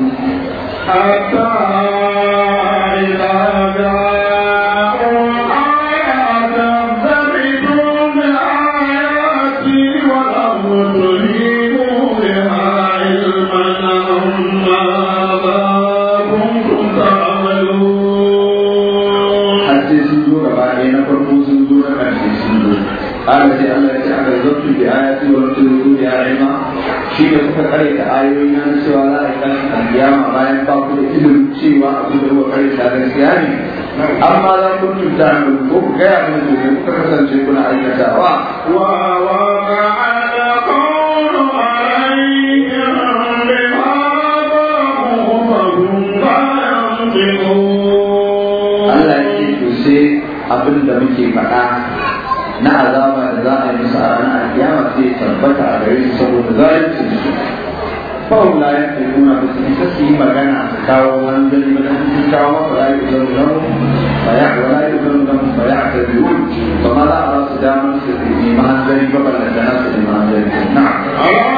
karyata ayoyi na cewa za a yi kashin alkiyama bayan ba ku da ilimin cewa abu da kuka karyata gaskiya ne amma za ku tunta mu ko gaya mu ko kuka sai abin muke faɗa na azaba da za a yi musu a sai tabbata a gare su saboda kawai na yin tsaye kuma da su ita su magana su kawo wani gani ba da su kawo maka layi da zan ta biyu ba ma za a ba su damar su da yi ma gari ba ba da na su da ma gari ba na. Allah ya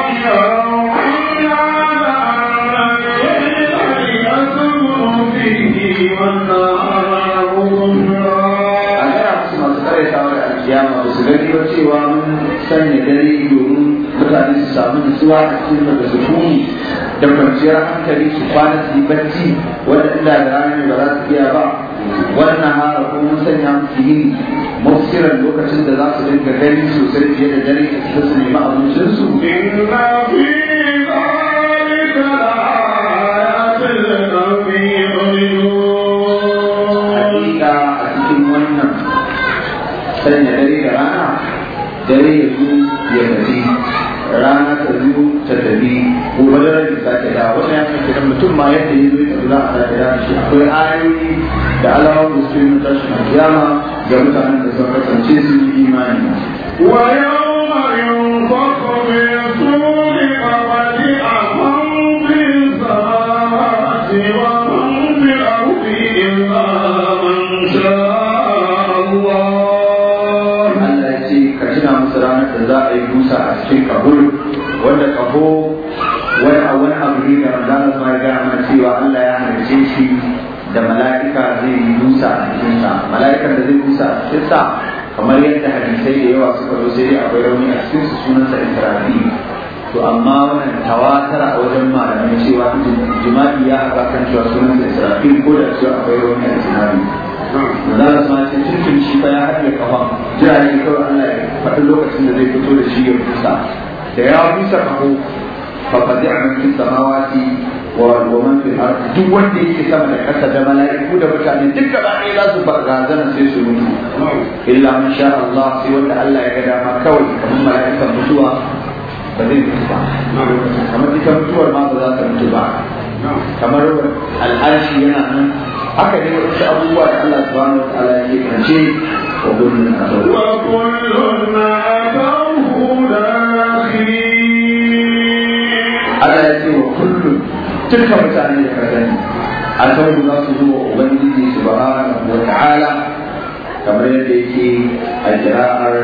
ce masu karyatawa da alkiyama ba su gani ba cewa mun sanya gari samu nutsuwa a cikin daga sukuni da kwanciyar hankali su kwana su yi bacci wanda da rani ba za su iya ba wannan hara ko mun sanya musu yi mafsiran lokacin da za su dinga gani sosai fiye da dare da su nema abincinsu. mutum ma yadda yi zai tafi za a da shi akwai ayoyi da alamomin su yi mutashin a kiyama ga mutanen da suka kasance su yi imani. Wayan manzan kuma ya gaya mana cewa Allah ya halarce shi da mala'ika zai yi busa a cikinsa mala'ikan da zai busa a cikinsa kamar yadda hadisai da yawa suka zo sai dai akwai rauni a cikin su sunansa isra'ili to amma wannan tawatar a wajen malamai cewa jima'i ya haɗa kan cewa sunansa isra'ili ko da cewa akwai rauni a isra'ili za su ma ce cikin shi ba ya haɗe kafa jira ne kawai Allah ya faɗi lokacin da zai fito da shi ya busa da ya busa kaho فقد من في السماوات ومن في الارض duk wanda yake sama da kasa da mala'iku da mutane duk gaba ɗaya za su barazana sai su mutu illa man sha Allah sai wanda Allah ya ga dama kawai kamar mala'ikan mutuwa ba zai mutu ba kamar ita mutuwar ma ba za ta mutu ba kamar al'arshi yana nan haka ne wasu abubuwa da Allah subhanahu wa ta'ala yake kace wa kullun Allah ya ce wa kullum dukkan mutane da kasani an tauri za su zo wa ubangiji subhanahu wa ta'ala kamar yadda yake a kira'ar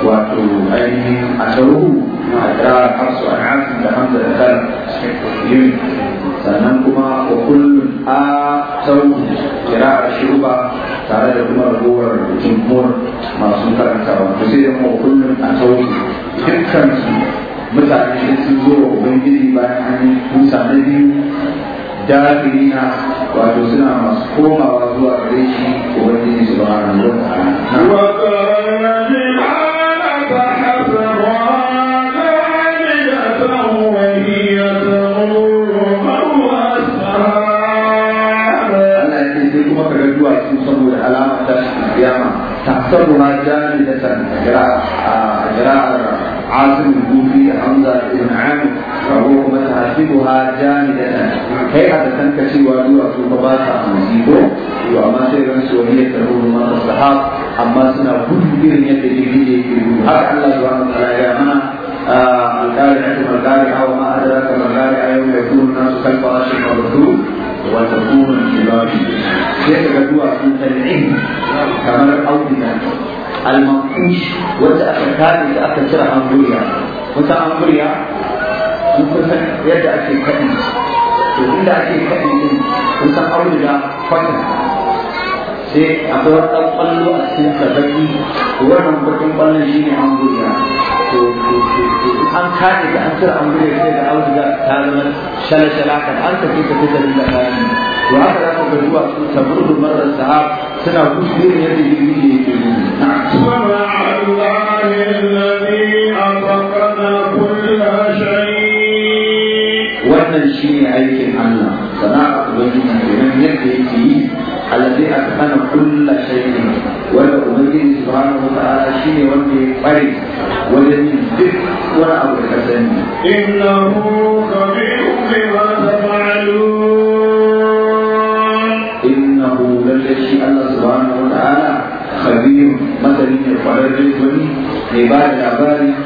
wato ainihin a taruhu a kira'ar harsu a hasin da hamza da kan yin sannan kuma wa kullum a taruhu kira'ar shuba tare da kuma ragowar jimhur masu ba to sai da kuma kullum a taruhu dukkan su mutane sun zo wa ubangiji bayan an yi kusa na biyu dafirina wato suna masu komawa zuwa gare shi ubangiji subhanahu wa ta'ala wa qarana jibala fa القيامة تحسبها جامدة قراءة عاصم الكوفي حمزة بن عامر فهو متحسبها جامدة كي قد تنكسي ودورة مباشرة مصيبه وما سيرا سورية تقول ما الصحاب أما سنة كل كبير يدري به هذا الله سبحانه وتعالى يا منا آه، القارعة والقارعة وما أدراك ما القارعة يوم يكون الناس كالفراش المردود وتكون الجبال كيف تدور أنت العلم كما الأوردة المنقوش وتأكد هذه تأكد شرح أمريكا wata an murya kun san yadda ake kaɗi to inda ake kaɗi din kun san an riga kwatin sai a wani ɗan ƙwallo a cikin sabaki wannan kwatin ƙwallon shi ne an murya to an kaɗe da an cire an murya sai da an riga ta zama shala-shala kan an tafi ta fi da kayan to haka za ka ga zuwa su taburdu marar sahab suna kusurin yadda jirgin da yake gudu. Subhanallah wannan shi ne aikin Allah sana'a ubangiji kenan yadda yake yi alladhi atqana kulla shay'in wanda ubangiji subhanahu wa ta'ala shi ne wanda ya kware wajen yin duk wani abu da ka sani innahu khabirun bima taf'alun innahu lalle shi Allah subhanahu wa ta'ala khabirun masanin ya kware wani mai ba da labari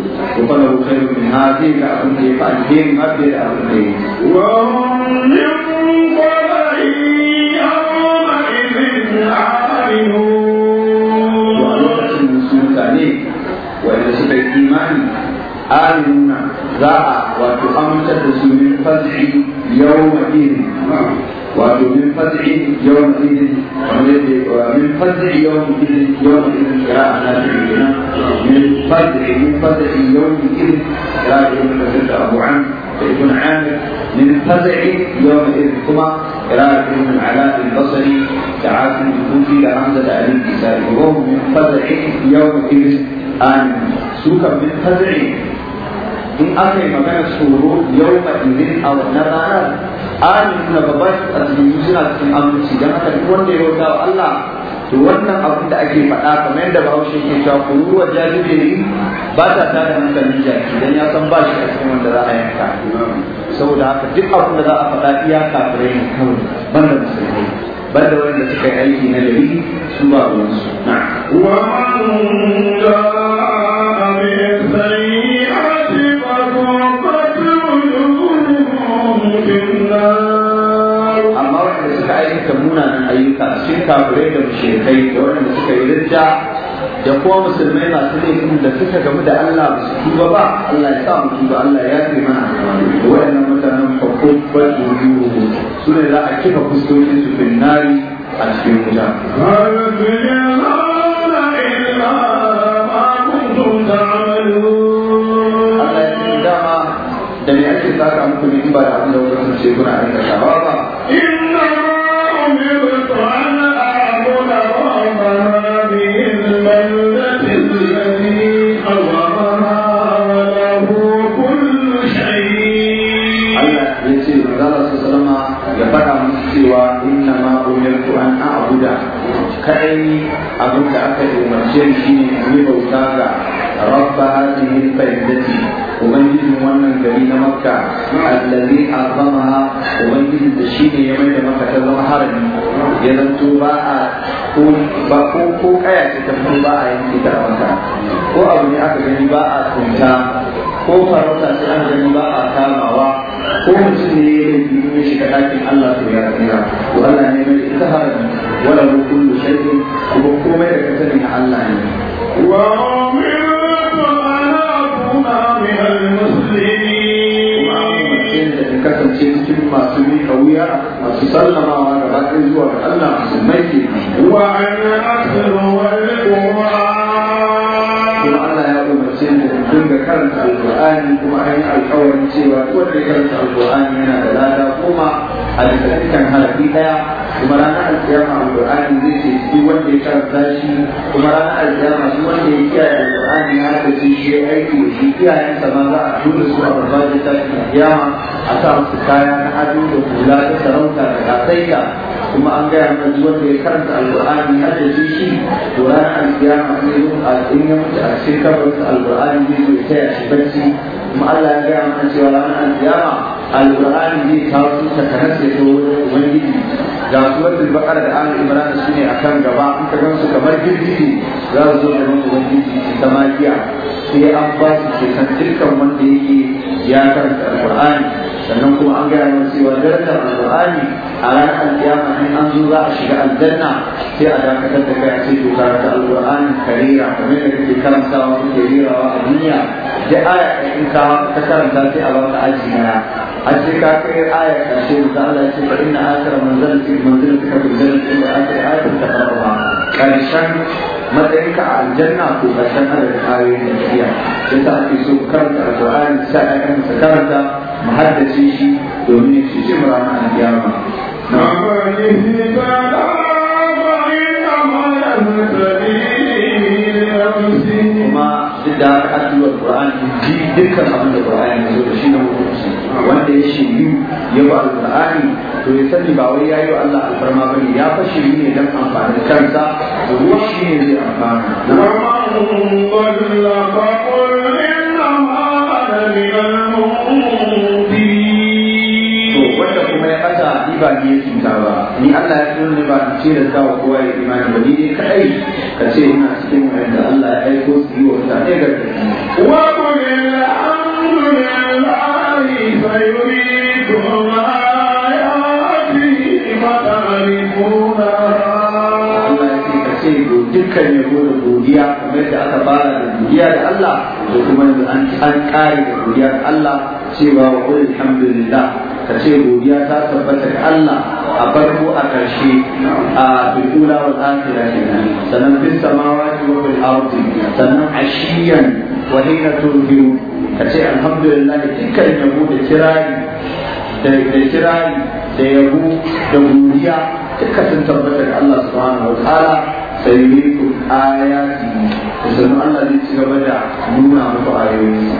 وطلبوا خير من هذه لأبن يفعلهم ما في أبن وهم من قبل يومئذ عاملون وأنتم مسلمون ثاني وإذا سبق إيمان آمنا ذا وتؤمت تسلم الفتح يومئذ ومن فزع يومئذ ومن فتح يومئذ يومئذ قراءة نافعة من فزع من فتح يومئذ قراءة أبو ابن عامر من فتح يومئذ كما من علاء البصري تعاكم الكوفي وهم من يوم يومئذ آن سوكا من فزع إن أخي مكان السرور يومئذ أو نبأ ayin na gaba a cikin suna cikin aminci don haka duk wanda ya wata Allah to wannan abin da ake faɗa kamar yadda bahaushe ke cewa jajibe ne ba ta tada hankalin jaki don ya san ba shi a cikin wanda za a yanka saboda haka duk abin da za a faɗa iya kafirai ne kawai ban da musulmai da wanda suka yi aiki na dalili su ba ruwansu na'am ayyuka cikin kafirai da mushekai da waɗanda suka yi rinta da kuma musulmai masu laifin da suka gamu da Allah ba su tuba ba Allah ya sa mu tuba Allah ya fi mana da waɗannan mutanen farko ba su su ne za a kika fuskokin su nari a cikin wuta. da me ake saka muku ne ba da abin da wani kasance kuna ba. kadai abin da aka umarce shi ne a yi bauta ga rabba hadhihi al-baydati ubangijin wannan gari na makka allazi azamaha ubangijin da shi ne ya mai da maka ta zama harami ya zanto ba a ba ko ko kaya ce ta ba a yanke ta maka ko abu ne aka gani ba a tunta ko farauta sai aka gani ba a kamawa ko mutum ne ya yi shiga ɗakin Allah to ya tsira to Allah ne mai ita harami wala kullu shay'in kuma komai da ka sani Allah ne wa umirtu an akuna min al-muslimin ma mutum da kasance cikin masu miƙa wuya masu sallamawa gaba ɗaya zuwa ga Allah musulmai ke wa an asru wal qur'an dinga karanta alqur'ani kuma an yi alƙawarin cewa wanda ya karanta alqur'ani yana da lada kuma a dukkan harafi daya kuma ranar alƙiyama alqur'ani zai ce shi wanda ya karanta shi kuma ranar alƙiyama shi wanda ya kiyaye alqur'ani ya da shi shi aiki da shi iyayensa ma za a tura su a babbar tashin alƙiyama a sa musu kaya na ado da hula da sarauta da gasaita kuma an gaya mana duk wanda ya karanta alqur'ani ya dace shi to ranar alkiyama sai ruhu a ya da a cikin karanta alqur'ani zai zo ya taya shi bacci kuma Allah ya gaya mana cewa ranar alkiyama alqur'ani zai kawo su ta sai to ubangiji ga suratul baqara da ali imran su ne akan gaba in ka gansu kamar girgiji za su zo da gaban ubangiji ta magiya sai an ba su ke kan dukkan wanda yake ya karanta alqur'ani sannan kuma an gaya yin cewa darajar alƙur'ani a ranar alƙiyama ne an zo za a shiga aljanna sai a dakatar da kai a ce doka ta alƙur'ani karira kamar yadda kake karanta wa kake rerawa a duniya da aya in ka ta karanta sai a ba ka aji na a ce ka kai aya ƙarshe da za ce, lalace ba ina aka ra manzan ce manzan ta kafin zan ce ba aka yi aya ta fara ba karshen matsayin a aljanna ko karshen adadin ayoyin da ke iya sai ta ake so karanta alƙur'ani sai a yi karanta muhaddace shi domin shi shi mu ranar alƙiyama kuma duk da aka addu'a Qur'ani ji dukkan abin da Qur'ani ya zo da shi na mutunci wanda ya shiryu ya ba Qur'ani to ya sani ba wai ya wa Allah alfarma ne, ya fa shiryu ne dan amfanin kansa ruwa shi ne zai amfana. ya bata ni ba ni cuta ba ni Allah ya tsoro ne ba ni ce da kawo kowa ya imani ba ni ne kadai. ka ce ina cikin wanda Allah ya aiko su yi wa mutane gargaɗi wa qul amru lillahi fayuriikum ayatihi fatarifuna dukkan yabo da godiya kamar da aka fara da godiya da Allah da kuma an kare da godiya da Allah cewa wa qul alhamdulillah ka ce godiya ta tabbata ga Allah a farko a ƙarshe a bil'ula wal ke nan, sannan fis samawati wa fil ardi sannan ashiyan wa hina turbiyu ka ce alhamdulillah dukkan yabo da kirari da kirari da yabo da godiya duka sun tabbata ga Allah subhanahu wa ta'ala sai ne ku ayati sannan Allah zai ci gaba da nuna muku ayoyinsa.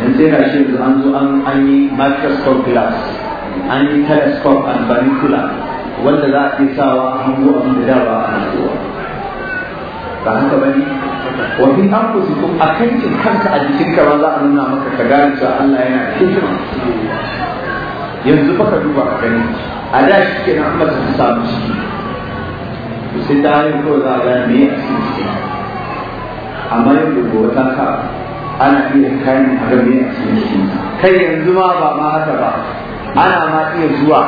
yanzu yana shi yanzu an zo an yi microscope glass an yi telescope and binocular wanda za a iya sawa zo abin da dawa a nasuwa ba haka ba ne wani an kusa kuma a kancin kanka a jikinka ba za a nuna maka ka gane cewa Allah yana da hikima yanzu baka duba ka gani a da shi ke na amma su samu ciki sai ta hanyar kawai za a gane me a cikin ciki amma yin da gobe ta kawo ana iya kayan harami a cikin shi kai yanzu ma ba ma haka ba ana ma iya zuwa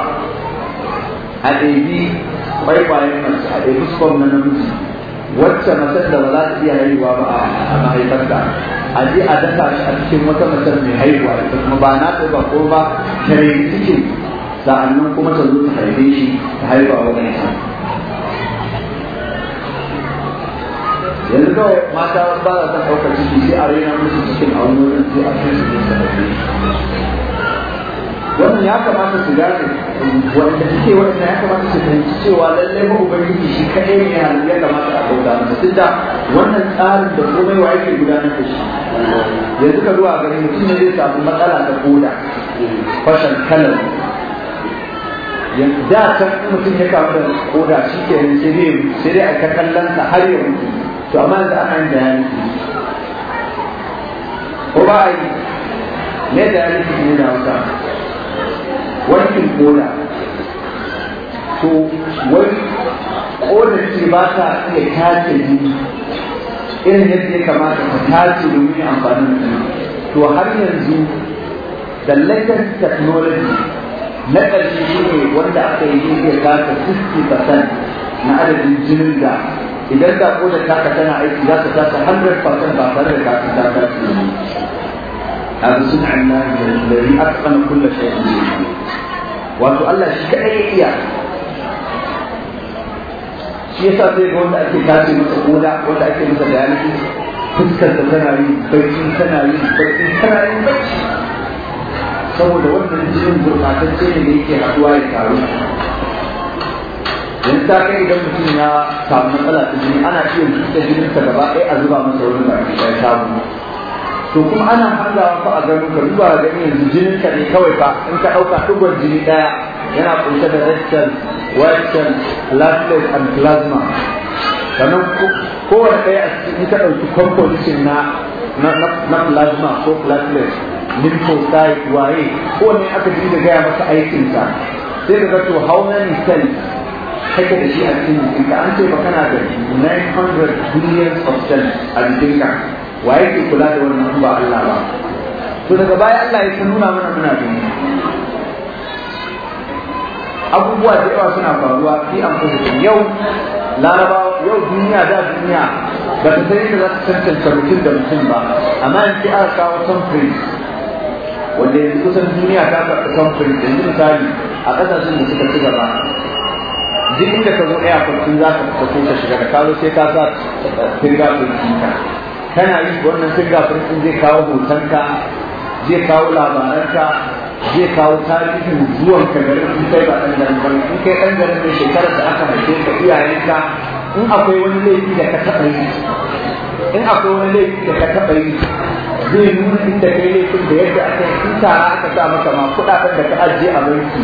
a ɗabi kwaikwayen masu a ɗabi sukon na namiji wacce matar da ba za ta iya haihuwa ba a mahaifarta a je a dasa shi a cikin wata matar mai haihuwa ita kuma ba na ta ba ko ba ta cikin sa'annan kuma ta zo ta haife shi ta haihuwa wa ɗansa yanzu kawai mata wasu ba za ta ɗaukar ciki sai a raina musu cikin aunorin sai a cikin su da wannan ya kamata su gane wanda suke wannan ya kamata su fahimci cewa lallai ba ubangiji shi kaɗai ne ya ya kamata a bauta masa duk da wannan tsarin da komai wa yake gudanar da shi yanzu ka zuwa gari mutum ne zai samu matsala ta koda fashin kalan. yanzu da can mutum ya kamu da koda shi ke sai dai a ta kallon sa har ya to amma da an yin ko ba yi ne da yari su ne da wata wankin koda to wani koda ce ba ta iya tace ni, irin yadda ya kamata ka tace domin amfanin da to har yanzu da latest technology na ƙarshe shi ne wanda aka yi shi ya kasa 60% na adadin jinin da idan ka ko da taka tana aiki za ka taka 100% ba tare da ka ta ta abu sun anna da ri atqana kullu shay'in wato Allah shi ka yi iya shi yasa sai ga wanda ake tace masa koda wanda ake masa dialysis fuskar da tana yi bacci tana yi bacci tana yi bacci saboda wannan jinin gurbatacce ne da yake haɗuwa ya taru in ta kai idan mutum ya samu matsala ta jini ana iya da jinin ta gaba ɗaya a zuba masa wani baki ɗaya samu to kuma ana hanzawa fa a ganin ka zuba da ganin yanzu jinin ka ne kawai ba in ka ɗauka ɗigon jini ɗaya yana kunshe da rectal white platelet and plasma sannan kowane ɗaya a cikin ka ɗauki composition na na plasma ko platelet lymphocyte waye kowane aka ji da gaya masa aikinsa sai ka ga to how many cells kake da shi a cikin jikinka an ce ba kana da 900 billion of cells a ka, wa yake kula da wannan ba Allah ba to daga baya Allah ya san nuna mana muna gani abubuwa da yawa suna faruwa fi an yau laraba yau duniya da duniya ba ta san da za ta mutum da mutum ba amma yanzu aka kawo samfuri wanda yanzu kusan duniya ta karɓi samfuri yanzu misali a ƙasashen da suka ci gaba duk inda ka zo ɗaya kwamfin za ka fita ko ka shiga da karo sai ka sa eh, firga ka kana yi wannan firga firkin zai kawo hotonka zai kawo labaranka zai kawo tarihin zuwan ka garin in kai ba ɗan garin bane in kai ɗan garin mai shekarar da aka haife ka iyayenka in akwai wani laifi da ka taɓa yi in akwai wani laifi da ka taɓa yi zai nuna inda kai laifin da yadda aka yi tara aka sa maka ma kuɗaɗen da ka ajiye a banki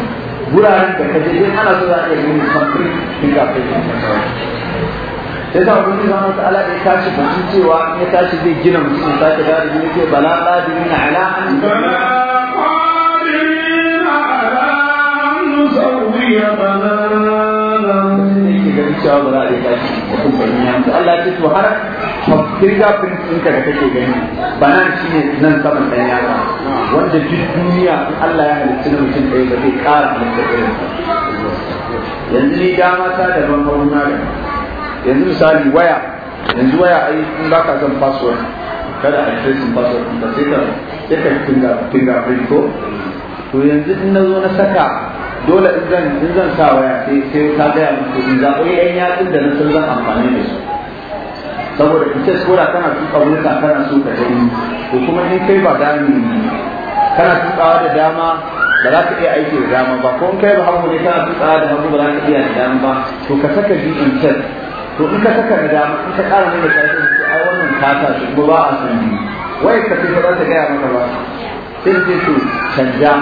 wuraren da ka je ana so za a iya wani samfin in ga kai sai wani zama ta ala da ya tashi batun cewa ya tashi zai gina mutum sake ta gari ne ke bala ala ne ke ba Allah ya ce to har fingerprint ɗinka da kake gani banan shi ne nan saman ɗan yatsa wanda duk duniya Allah ya halittu na mutum ɗaya ba zai ƙara da halitta ɗaya. yanzu ni dama ta ban mauna da yanzu misali waya yanzu waya ai in ba ka zan password kada a tracing password ɗin ba sai ka yakan fingerprint ko to yanzu in na zo na saka dole in zan sa waya sai ta gaya mutum in zaɓo ɗan yatsun da na san zan amfani da su saboda ita tsora tana tuka wuta kana so ka gani to kuma in kai ba gani kana tukawa da dama ba za ka iya aiki da dama ba ko in kai ba hagu ne kana tukawa da hagu ba za ka iya da dama ba to ka saka bi in to in ka saka da dama in ka kara ne da karfin su ai wannan kata su ba a san ni wai ka ce ba za ta gaya maka ba sai ce to canja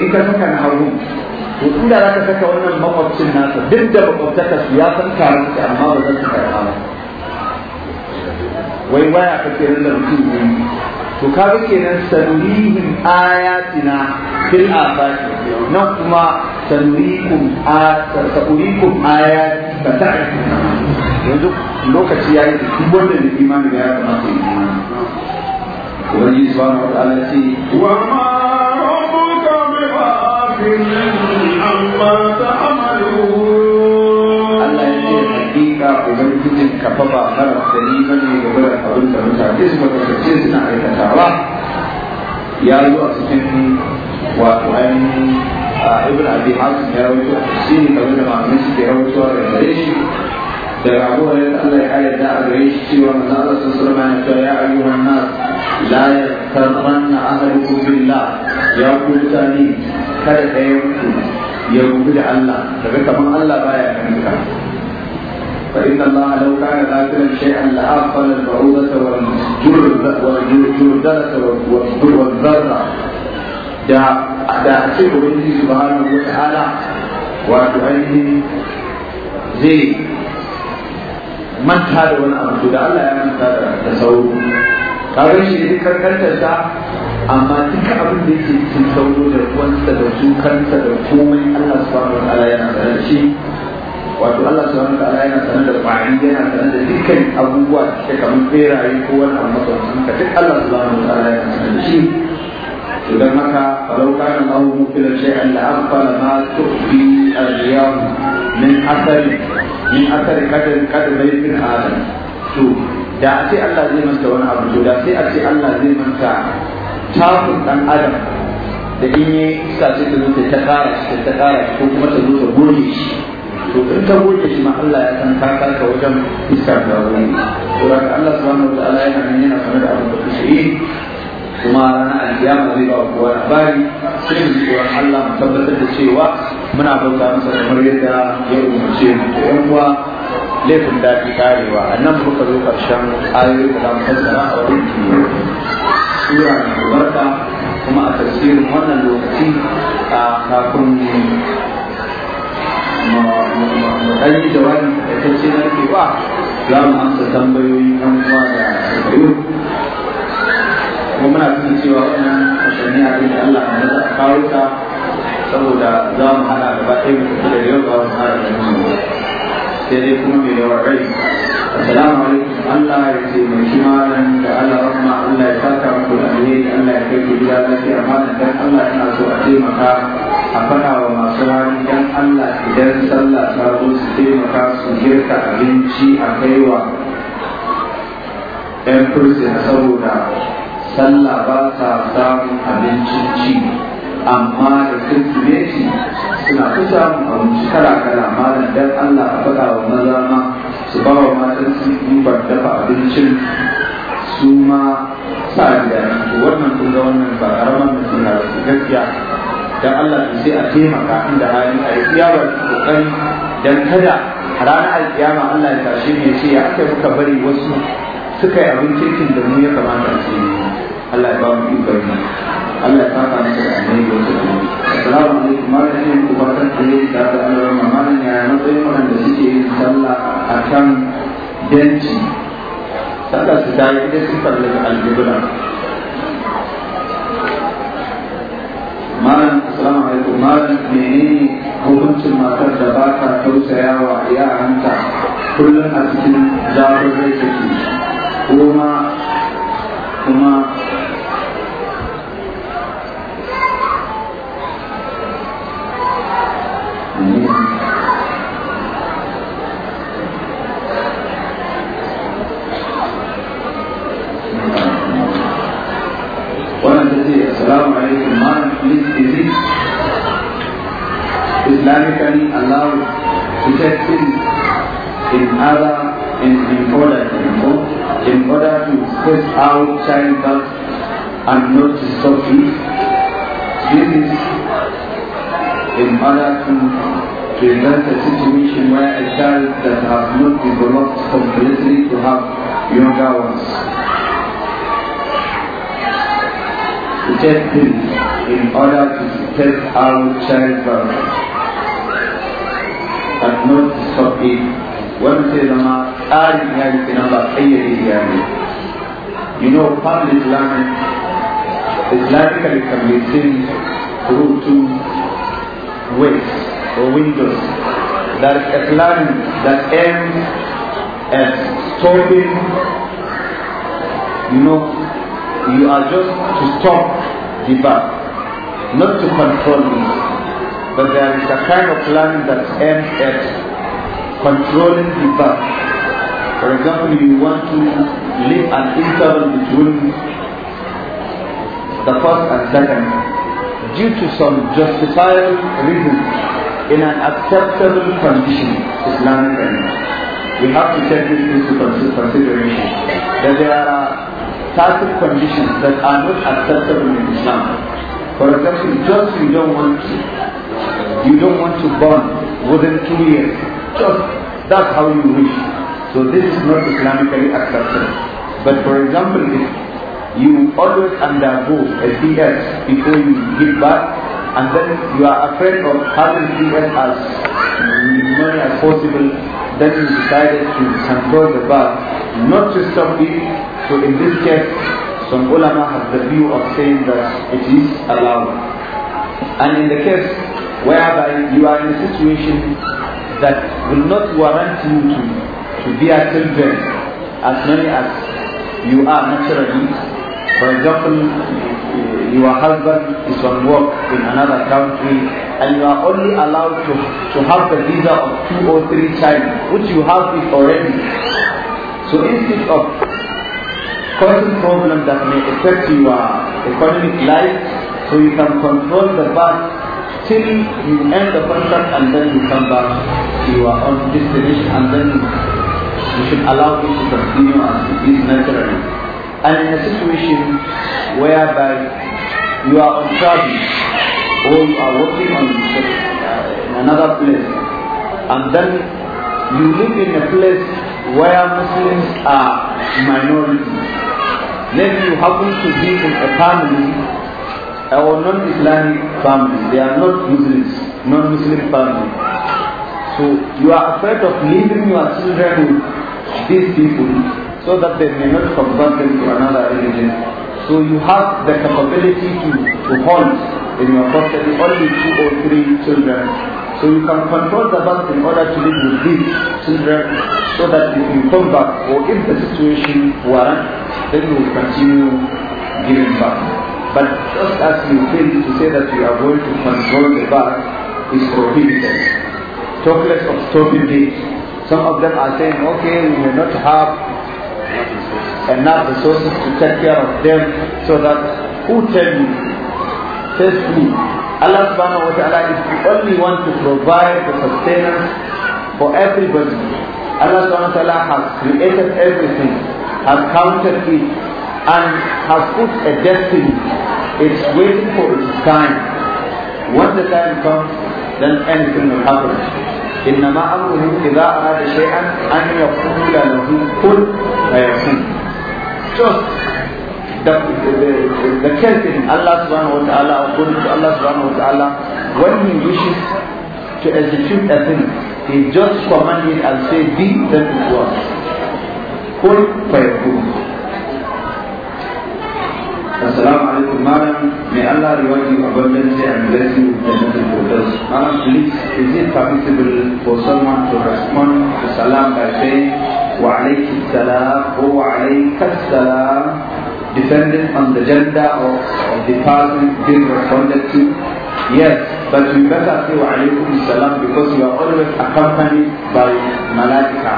in ka saka na hagu to inda za ka saka wannan makwabcin nasa duk da makwabtaka su ya san karin amma ba za su karɓa ba wai baya kake nan da mutum ne to ka ga kenan sanurihim ayatina fil afaqi na kuma sanurikum a sanurikum ayat ta ta'rifuna yanzu lokaci yayi da duk wanda ne imani ya kamata ya wani zuwa na wa ta'ala ce wa ma rabbuka bi amma ta amalu kafafa mara sani bane ga wurin abin da mutane su kasance suna aikatawa ya yi a cikin wato ainihin ibn abi hasim ya rawaito a tafsiri kamar da malamin su ke rawaitowa daga gare shi da rabuwar yadda Allah ya yarda a gare shi cewa manzo Allah sun sallama ya ce ya ayyuhan nas la yaqtaranna ahadukum billah ya ku mutane kada ɗayan ku ya rubuta Allah daga kaman Allah baya kanka فإن الله لو كان ذاكرا شيئا لأقبل البعوضة والجردلة والذرة da da ce ubangiji subhanahu wa ta'ala wato ainihin zai manta da wani abu da Allah ya manta da sauro kaga shi ne karkantar sa amma duka abin da yake cikin sauro da ruwansa da su kansa da komai Allah subhanahu wa ta'ala yana da shi wato Allah subhanahu ala yana sanar da ƙwari yana sanar da dukkan abubuwa da suke kamar beraye ko wani abu makamancin ka duk Allah subhanahu ala yana sanar da shi to don haka falau kana Allahu mukila shay'an la aqbala ma tukhfi ar-riyah min athari min kadar kadar mai fi adam to da a ce Allah zai manta wani abu to da sai a ce Allah zai manta takun dan adam da in yi sace ta zo ta kara ta kara ko kuma ta zo ta goge shi to in ka goge shi ma Allah ya san ka ka wajen iska da wani to da Allah subhanahu wa ta'ala yana nan yana sanar da abin da kuke yi kuma ranar alkiyama zai ba kowa labari sai mu tsoron Allah mu tabbatar da cewa muna bauta masa kamar yadda ya umarce mu to yan uwa laifin daɗi karewa a nan muka zo ƙarshen ayoyi da zamu fassara a wurin sura mai albarka kuma a tasirin wannan lokaci a kafin An yi jawabi da ta ce na ba. za mu amsa tambayoyi kan uwa da tambayo kuma muna tuna cewa wannan mutane a da Allah na za a kawo saboda za mu hada gaba ɗaya mu da yau ba mu hada da yamma sai dai kuma mai yawa rai assalamu alaikum Allah ya ce mai shi malam da Allah rahma Allah ya saka alheri Allah ya kai ki gida lafiya malam dan Allah yana so a taimaka a fara wa masu hali dan Allah idan sallah ta zo su taimaka su girka abinci a kaiwa ɗan fursuna saboda sallah ba sa samun abincin ci amma da kirkimeti suna ta samun abinci kala kala malam dan Allah a faɗa wa maza ma su ba wa matan su dafa abincin su ma sa lafiya dan Allah to sai a taimaka inda hali a yi iya ba kokari dan kada ranar alkiyama Allah ya tashi ne ce ya aka muka bari wasu suka yi abin kirkin da mu ya kamata a ce Allah ya ba mu ikon mu Allah ya saka mu da annabi da su assalamu alaikum malamin ku barkan da yi da Allah mamanin ya matsayin wanda suke yin sallah akan benci sallah su dai da sifar da aljibran malam assalamu alaikum malam menene hukuncin matar da ba ta tausayawa yaranta kullum a cikin zafin rai take kuma kuma this is easy. Islamically allowed to take things in other in, in order to know, in order to space out child and not disturb it. This is in order to prevent a situation where a child that has not developed completely to have younger ones. tested in order to test our childbirth and not to stop it. Wani sai zama tsarin iyali kenan ba ƙayyade iyali. You know, family planning Islamically can be seen through two ways or windows. That is a plan that aims at stopping, you know, you are just to stop the bath, not to control it. But there is a kind of learning that aims at controlling the bath. For example, you want to leave an interval between the first and second due to some justifiable reason in an acceptable condition, Islamic and we have to take this into consideration. That there are type of conditions that are not acceptable in Islam. For example, just you don't want to, you don't want to burn within two years. Just that's how you wish. So this is not Islamically acceptable. But for example, if you always undergo a DS before you give birth, and then you are afraid of having DS as many as possible, then you decided to control the birth, not to stop it, so in this case, some ulama have the view of saying that it is allowed. And in the case whereby you are in a situation that will not warrant you to, to bear children as many as you are naturally, for example, your husband is on work in another country and you are only allowed to, to have the visa of two or three times, which you have it already. So instead of certain problem that may affect your economic life so you can control the bus till you end the contract and then you come back to your own destination and then you should allow it to continue as it is naturally. And in a situation whereby you are on travel or you are working on in uh, another place and then you live in a place where Muslims are minority Maybe you happen to be in a family or non-Islamic family. They are not Muslims, non-Muslim family. So you are afraid of leaving your children with these people so that they may not convert them to another religion. So you have the capability to, to hold in your custody only two or three children so you can control the bus in order to live with these children so that you can come back. Or if the situation warrants, then you will continue giving back. But just as you fail to say that you are going to control the bus is prohibited. Talk less of stopping it. Some of them are saying, okay, we may not have enough resources to take care of them so that who tell you? Tell me Allah subhanahu wa ta'ala is the only one to provide the sustenance for everybody. Allah subhanahu wa ta'ala has created everything, has counted it, and has put a destiny. It's waiting for its time. When the time comes, then anything will happen. إنما أمره إذا أراد شيئا أن يقول له كن فيكون. Just the, the, cursing Allah subhanahu wa ta'ala, according to Allah subhanahu wa ta'ala, when He wishes to execute a thing, He just commands and say, be that it was. Kun fayakun. Assalamu alaikum, madam. May Allah reward you abundantly and bless you with the photos. Madam, please, is it permissible for someone to respond to salam by saying, wa alaykum salam, or wa dependent on the gender of, the person being responded to? Yes, but we better say wa alaykum salam because you are always accompanied by malaika,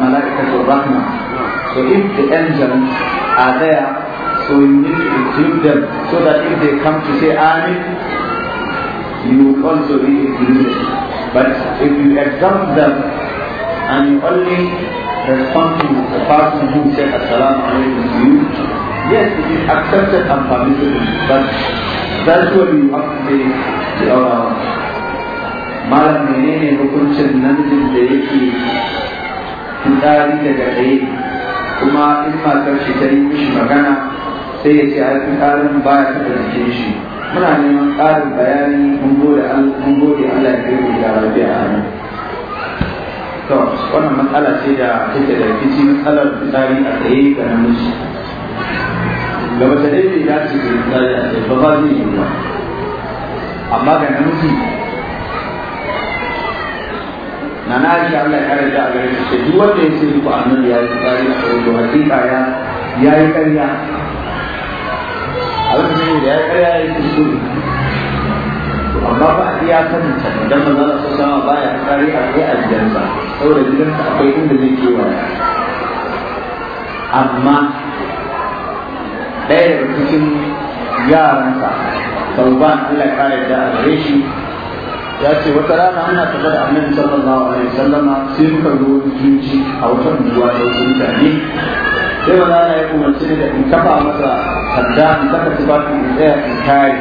malaika to rahmah. So if the angels are there, so we need to include them so that if they come to say Amin, you will also be included. But if you exempt them and you only respond to the person who said Assalamu alaykum. to you, Yes, it is accepted and permissible, but that's what you have to be malam menene hukuncin namijin da yake fitsari daga ɗaya kuma in matar shi ta yi mishi magana sai ya ce a fitsarin ba ya taɓa jikin shi muna neman ƙarin bayani mun gode Allah ya kai da rabi'a a nan to wannan matsala ce da take da rikici matsalar fitsari a tsaye ga namiji ga da dai bai dace da misali a ba ba zai yi ba amma ga namiji na na ake Allah ya kare da a gare shi duk wanda ya ce duk annabi ya yi tsari a kan da hakika kaya ya yi karya. a lokacin da ya yi karya ya yi kuskure amma ba a iya kan ta dan manzon su sallallahu alaihi baya tsari a kai a gidansa saboda gidansa akwai inda zai kewaya amma ɗaya daga cikin yaransa sauban Allah ya kare da gare shi ya ce wata rana ana tafi da annabi sallallahu alaihi wasallam sai muka zo juji a wata buwa da wasu mutane sai wani ana ya umarci da in kafa masa sanda in saka ba in tsaya in kare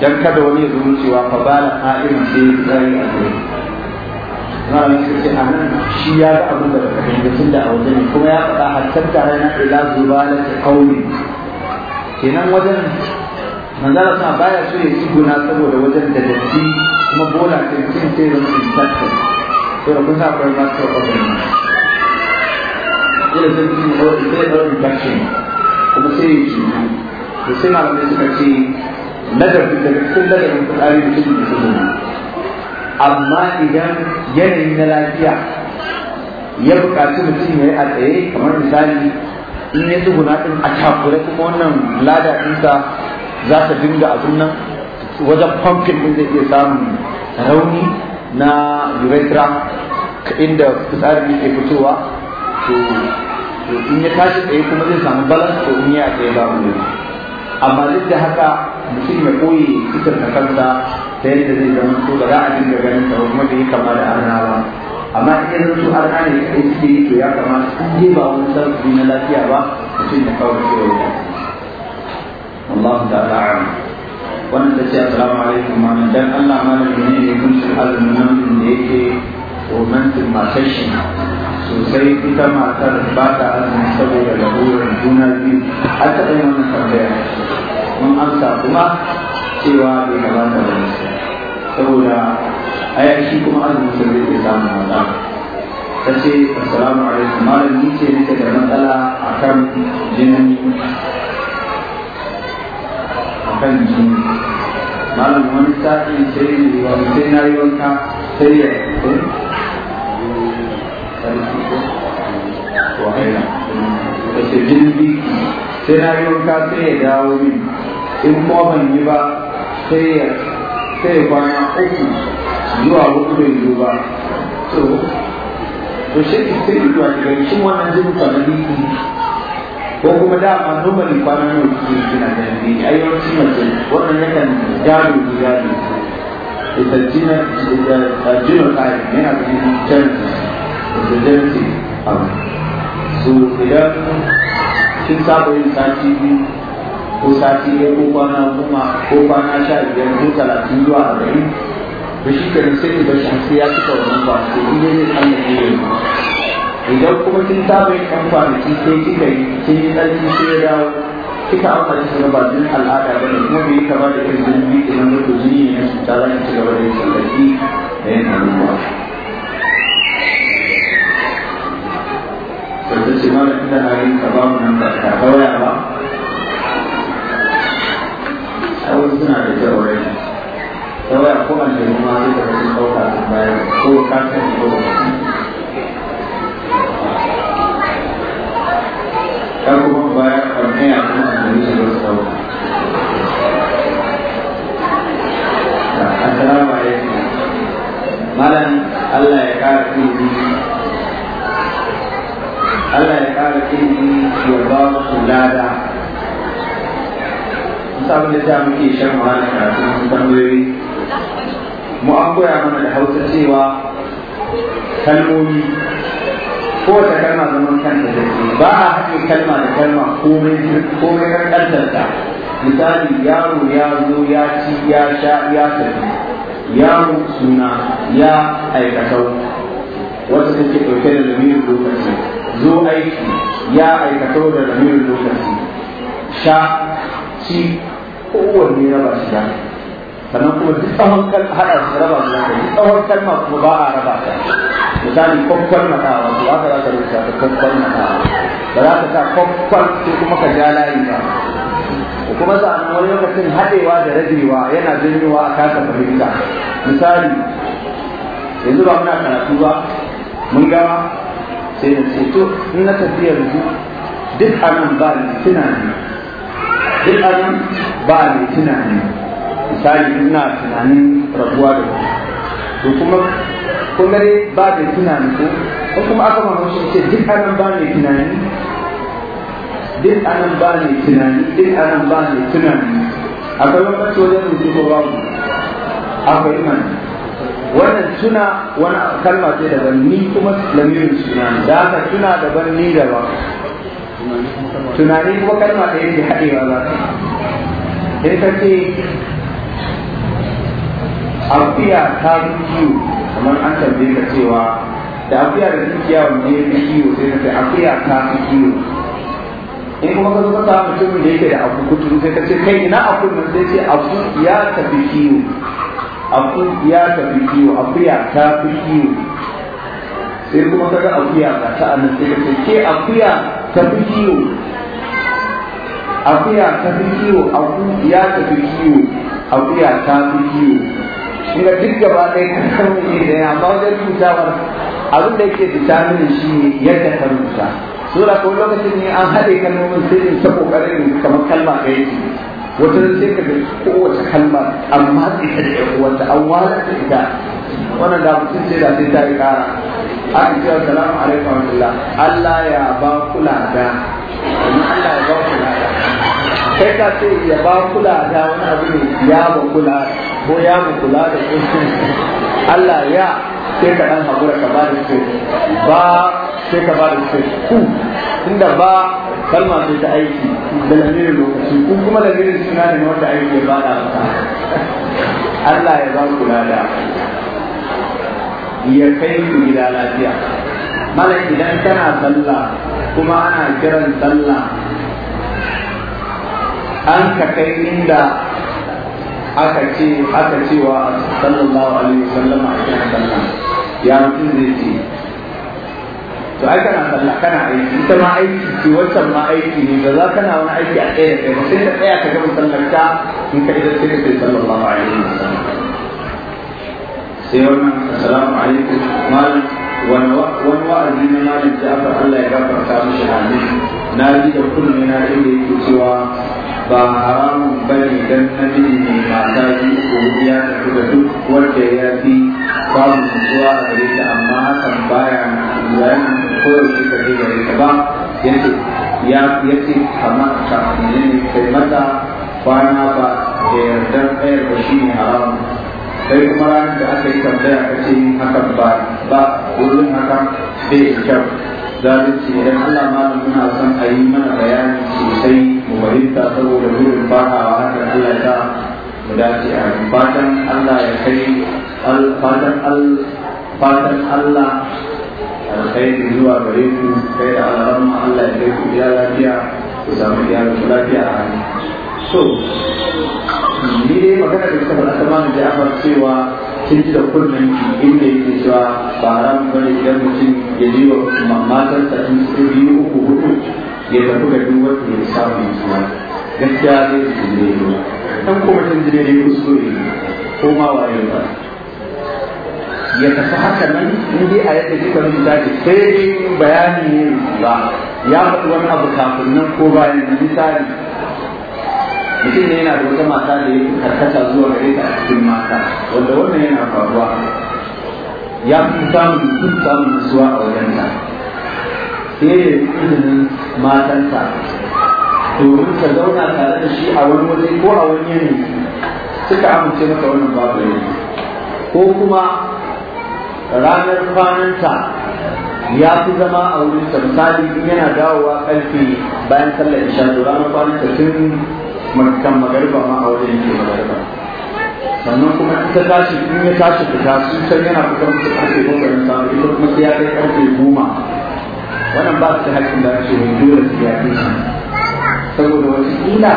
dan kada wani ya zo cewa fa bala ha'irin sai ya yi a ranar suke a nan shi ya ga abin da baka fahimta tun da a waje ne kuma ya faɗa hatta tare na ila zuba na ta kauni kenan wajen manzara sa baya so ya ci tsuguna saboda wajen da datti kuma bola ke mutum sai da mutum tattal to da kun sa akwai masu kwakwalwa ila zai mutum sai ya ɗaura infection kuma sai ya cutu to sai malamai suka ce ladar da cikin ladabin kuɗari da cikin da amma idan yanayi na lafiya ya buƙaci mutum ya yi a tsaye kamar misali in ya na ɗin a cakure kuma wannan lada ɗinsa za ta dinga a nan wajen pumpkin ɗin zai iya samun rauni na urethra inda fitsarin ke fitowa to in ya tashi tsaye kuma zai samu balance to in ya tsaye ba mu amma duk da haka mutum ya koyi fitar da kansa ta yadda zai zama to ba za a dinga ganin ta kuma bai kama da arna ba amma in yanzu su arna ne kai suke yi to ya kamata in dai ba wani sarki na lafiya ba mutum ya kawo cewa ya Allah ta'ala wannan ta ce assalamu alaikum malam dan Allah ma malam ne ne hukuncin azumin nan da yake romantin matar shi sosai ita matar ba ta azumi saboda lalurar juna biyu har ta yi wannan tambaya mun amsa kuma cewa bai kamata da wasu saboda a yashi kuma azumin sun zai iya samun matsala ta ce assalamu alaikum malam ni ce nake da matsala akan jinin akan jini malam wani sa'in sai sai na yi wanka sai ya ta ce jinin biki sai na yi wanka sai ya dawo min in kuma ban yi ba sai ya sai kwana uku zuwa hudu bai zo ba to to shi ki sai yi zuwa daga shi wannan jin kwanani ko kuma da ma normally kwana ne kike kina da ni ai yawanci mace wannan yakan gado gado ita jina da jino kai yana da jini can da jini abu so idan sun saba yin sati biyu ko sati ɗaya ko kwana kuma ko kwana sha biyar ko talatin zuwa arba'in to shi kenan sai ba shi sai ya cika wannan kwanaki in dai zai san da ne idan kuma kin saba yin ɗan kwanaki sai kika yi kin yi ɗan tsarki sai ya dawo kika amfani da ba jin al'ada ba ne kuma bai kama da irin jini ɗin da jini ne na cuta za ki ci gaba da yin tsallaki da yin al'umma. wanda ce mana ina ka ba mu nan ba kawai ba suna da kyau rai kawai a kuma kuma bayar ko ka ko ba ka kuma bayar kwanne a kuma a gari shi Malam Allah ya ba su lada ta muke shan wahala su tambayoyi mu an koya mana da hausa cewa kalmomi da kalma zaman kanta da ke ba a haɗe kalma da kalma komai komai ta misali yaro ya zo ya ci ya sha ya tafi yaro suna ya aikatau wata take ɗauke da lamirin lokaci zo aiki ya aikato da lamirin lokaci sha ci kowanne raba shi da sannan kuma duk tsawon haɗa su raba su da duk tsawon kalma kuma ba a raba ta misali kwakwal matawa su haka za ka rubuta ta kwakwal matawa ba za ka sa kwakwal ko kuma ka ja layi ba kuma sa'an wani lokacin haɗewa da rajewa yana janyowa a kasa fahimta misali yanzu ba muna karatu ba mun gama sai na ce to in na tafiya yanzu duk anan ba ni tunani duk anan ba ni tunani misali ina tunanin rabuwa da to kuma kuma gare ba ne tunani ko ko kuma aka ma mashi ce duk anan ba ni tunani duk anan ba ni tunani duk anan ba ni tunani akwai wani wajen rubutu ko babu akwai imani wannan suna wani kalma ce daban ni kuma lamirin suna ne da aka tuna daban ni daban tunani kuma kalma da yake haɗewa ba sai ka ce afiya ta kiwo kamar an tambaye ka cewa da afiya da dukiya ne ya fi kiwo sai ka ce afiya ta fi kiwo in kuma ka zuka samun mutumin da yake da abu kutu sai ka ce kai ina abu mai sai ce abu ya tafi kiwo akuya ta tafi kiwo akuya ta fi kiwo sai kuma kaga akuya ga ta anan sai ka ce akuya ta fi kiwo akuya ta fi kiwo aku ya tafi kiwo akuya ta fi kiwo kuma duk gaba ɗaya ka san ne da ya amma wajen rubutawar abin da yake bitamin shi ne yadda ka rubuta sura ko lokacin ne an haɗe kalmomin sai in ta kokarin kamar kalma ɗaya ce wata da sai ka ga kowace kalma amma ta da wata an wala da ita wannan da mutum ce da sai ta yi kara an ce assalamu alaikum warahmatullah Allah ya ba kula da Allah ya ba kula da kai ka ce ya ba kula da wani abu ne ya ba kula ko ya ba kula da ko Allah ya sai ka dan haƙura ka ba da ce ba sai ka ba da ce ku inda ba kalma sai ta aiki da lamirin lokaci ko kuma lamirin suna ne na wanda aiki ba da Allah ya ba ku lada ya kai ku gida lafiya malam idan kana sallah kuma ana kiran sallah an ka kai inda aka ce aka cewa sallallahu alaihi wasallam a kiran sallah ya mutum zai ce to ai kana sallah kana aiki ita ma aiki ce wancan ma aiki ne ba za kana wani aiki a tsaye da kai sai ka tsaya ka gama sallar ka in ka idan sai ka sai sallallahu alaihi wasallam sai wannan assalamu alaikum malam wani wa'azi na malam jafar Allah ya gafarta mishi amin na ji da kullum na inda yake cewa ba haramun bane dan namiji ne mata biyu ko ya tafi da duk wanda ya fi babu nutsuwa a gare ta amma hakan baya yayin koyaushe ka kai gare ta ba yace ya yace kamar ta ne kai mata kwana ba da yardar ɗaya ba shi ne haramun sai kuma ranar da aka yi tambaya ce hakan ba ba wurin hakan bai kyau zalunci idan Allah ma muna son a yi mana bayani sosai mu fahimta saboda burin farawa hakan Allah ya mu dace a fatan Allah ya kai fatan fatan Allah alkhairi zuwa gare ku kai da alamun Allah ya kai ku ya lafiya ku samu ya lafiya a so ni dai magana da suka faɗa ta mana da cewa cinta kullum inda yake cewa ba bane idan mutum ya ji wa ta in su biyu uku hudu ya tafi ga duk wata ya samu mutuwa gaskiya zai ji jire ne dan kuma cin jire ne kuskure ko ma waye ba ya tafi haka nan in dai a yadda kika rubuta ki sai dai bayani ne ba ya faɗi wani abu kafin nan ko bayan misali mutum ne yana da wata mata da ya karkata zuwa gare ta a cikin mata wanda wannan yana faruwa ya fi samun sun samun nasuwa a ta sai da izinin matansa domin ta zauna tare da shi a wani waje ko a wani yanayi suka amince maka wannan babu yanzu ko kuma ranar kwananta ya fi zama a wurin misali yana dawowa karfe bayan sallar isha ranar kwananta tun kan magariba ma a wajen yake magariba sannan kuma ita tashi in ya tashi fita sun can yana fitar musu karfe goma da samu ita kuma sai ya kai karfe goma wannan ba su da haƙƙin da ake mai dole su ya fi shi saboda wasu ƙila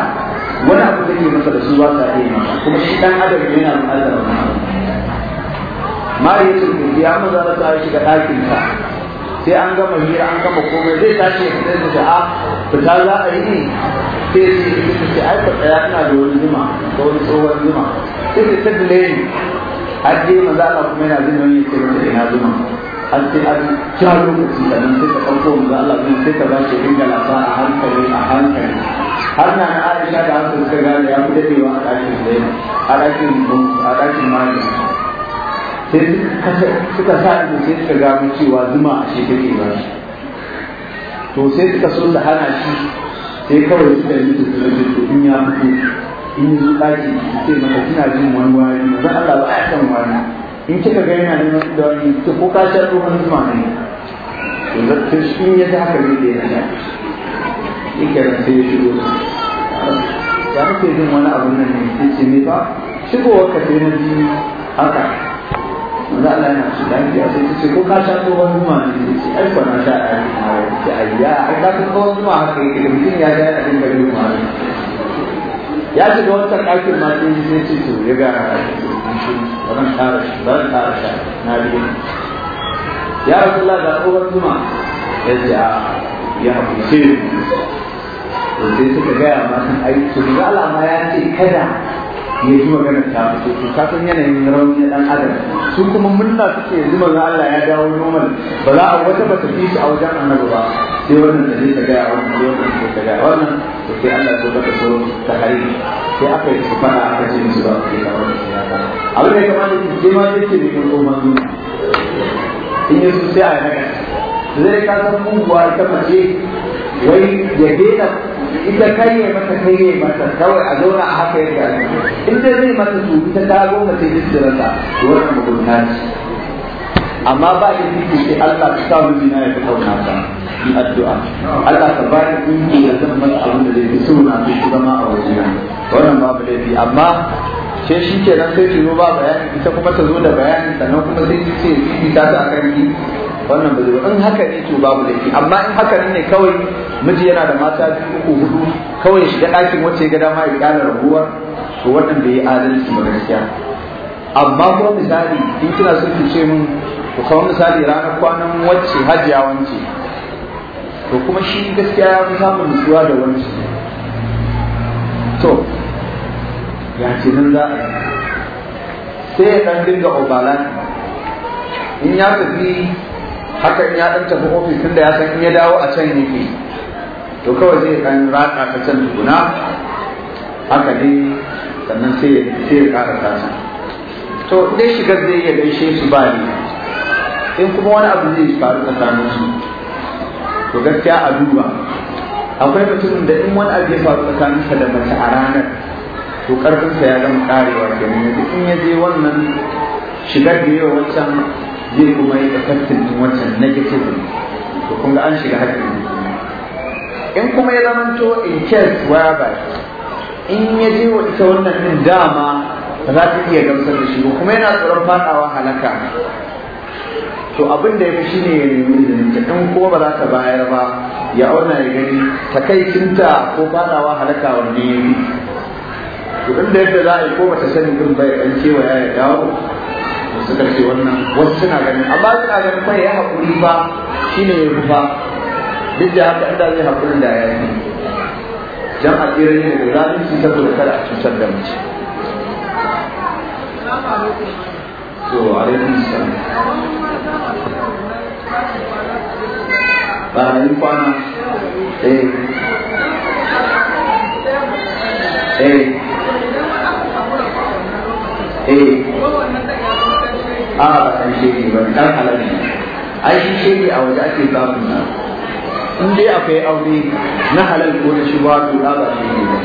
wani abu da ke masa da su ba sa iya masa kuma shi ɗan adam yana da ma'azara ma'azara mari ya ce ya maza da ta shiga ɗakin ta sai an gama hira an gama komai zai tashi ya fita da a ah, fita za a yi ne sai su yi su ce ai ka tsaya ina da wani zuma da wani tsohon zuma sai su ta dule ni har je za a kuma yana jin wani yake mata ina zuma har sai an ja lokaci da nan sai ka ɗauko za Allah kuma sai ka ba shi dinga lafa a hankali a hankali har na na Aisha da haka suka gane ya fi daɗewa a ɗakin zai a ɗakin a ɗakin magani sai suka sa ido sai suka gano cewa zuma a shi take ba to sai suka so da hana shi sai kawai suka yi mutu da to in ya fito in yi zuƙa ce sai mata kina jin wani wari zan Allah ba a san wani in kika ga yana neman da wani to ko ka sha tsohon zuma ne to zai in ya ta haka ne da ya sha shi kenan sai ya shigo ya muke jin wani abun nan ne sai ce ne ba shigowar ka sai na ji haka wanda Allah yana su lafiya sai ta ce ko ka sha tsohon zuma ne ta ce ai ba na sha a yi mara ta ai ka ka tsohon zuma haka yake da mutum ya ga yana dinga yin mara ya ce da wancan ɗakin ma sai ji sai to ya ga wannan tara ban tara na biyu ya rasu Allah ga tsohon ya ce a ya haƙu sai sai suka gaya ma sun ai to ga Allah ma ya ce kada ne zuwa gana ta fito su ka san yanayin rauni na dan adam sun kuma murna suke yanzu ga Allah ya dawo normal ba za a wata ba ta fi shi a wajen annabi ba sai wannan da zai gaya wannan da wannan da ta gaya wannan to sai Allah ya baka so ta hari sai aka yi su fara aka ce musu ba ku da wannan ya ka abin da kamar yake je ma yake ne ko manzo in yi su sai a yi haka zai ka san muguwa ita mace wai ya dena ita kai ya mata kai ya mata kawai a zauna a haka yadda ake in dai zai mata su ita ta goma sai duk da ta to wannan mugunta ce amma ba da yi sai Allah ta sa mu ya ya kauna ta in addu'a Allah ta bani dinki da zan masa abin da zai fi suna su zama a wajena wannan babu laifi amma ce shi ke nan sai ki zo ba bayani ita kuma ta zo da bayani sannan kuma sai ki ce ki ta ta kan ki wannan ba zai in haka ne to babu laifi amma in haka ne kawai miji yana da mata biyu uku hudu kawai shiga ɗakin wacce ga dama ya kana rabuwar to wannan bai yi adalci ba gaskiya amma kuma misali in kina so ki ce mun ku kawo misali ranar kwanan wacce hajiya wance to kuma shi gaskiya ya fi samun nutsuwa da wancan. to ya ce nan za a sai ya ɗan dinga obalan in ya tafi haka in ya dan tafi ofis tun da ya san in ya dawo a can yake to kawai zai kan raka ka can tukuna haka ne sannan sai ya kara tasa to dai shigar zai iya gaishe su ba ne in kuma wani abu zai faru tsakanin su to gaskiya a duba akwai mutumin da in wani abu ya faru tsakaninsa da mace a ranar to karfinsa ya gama karewa ne duk in ya je wannan shigar da yawa wancan zai kuma yi effective din wancan negative to kun ga an shiga haƙƙin in kuma ya zamanto in case whereby in ya je wa ita wannan din dama ba za ta iya gamsar da shi ba kuma yana tsoron faɗawa halaka to abin da ya fi shine ya nemi izinin ta in kuma ba za ta bayar ba ya auna ya gani takaicinta ko faɗawa halaka wanda ya yi. to inda yadda za a yi ko ba ta sani din bai ɗan cewa ya dawo suka ce wannan wasu suna ganin amma suna ganin mai ya haƙuri ba shi ne ya ba duk da haka inda zai haƙurin da ya yi jan a tsira ne da zalunci saboda kada a cutar da mace. So, Ba salam. yi kwana, eh, eh, eh. a ba kan shege ba dan halal ne ai shi shege a waje ake samun na in dai akwai aure na halal ko na shuba to da ba shege ba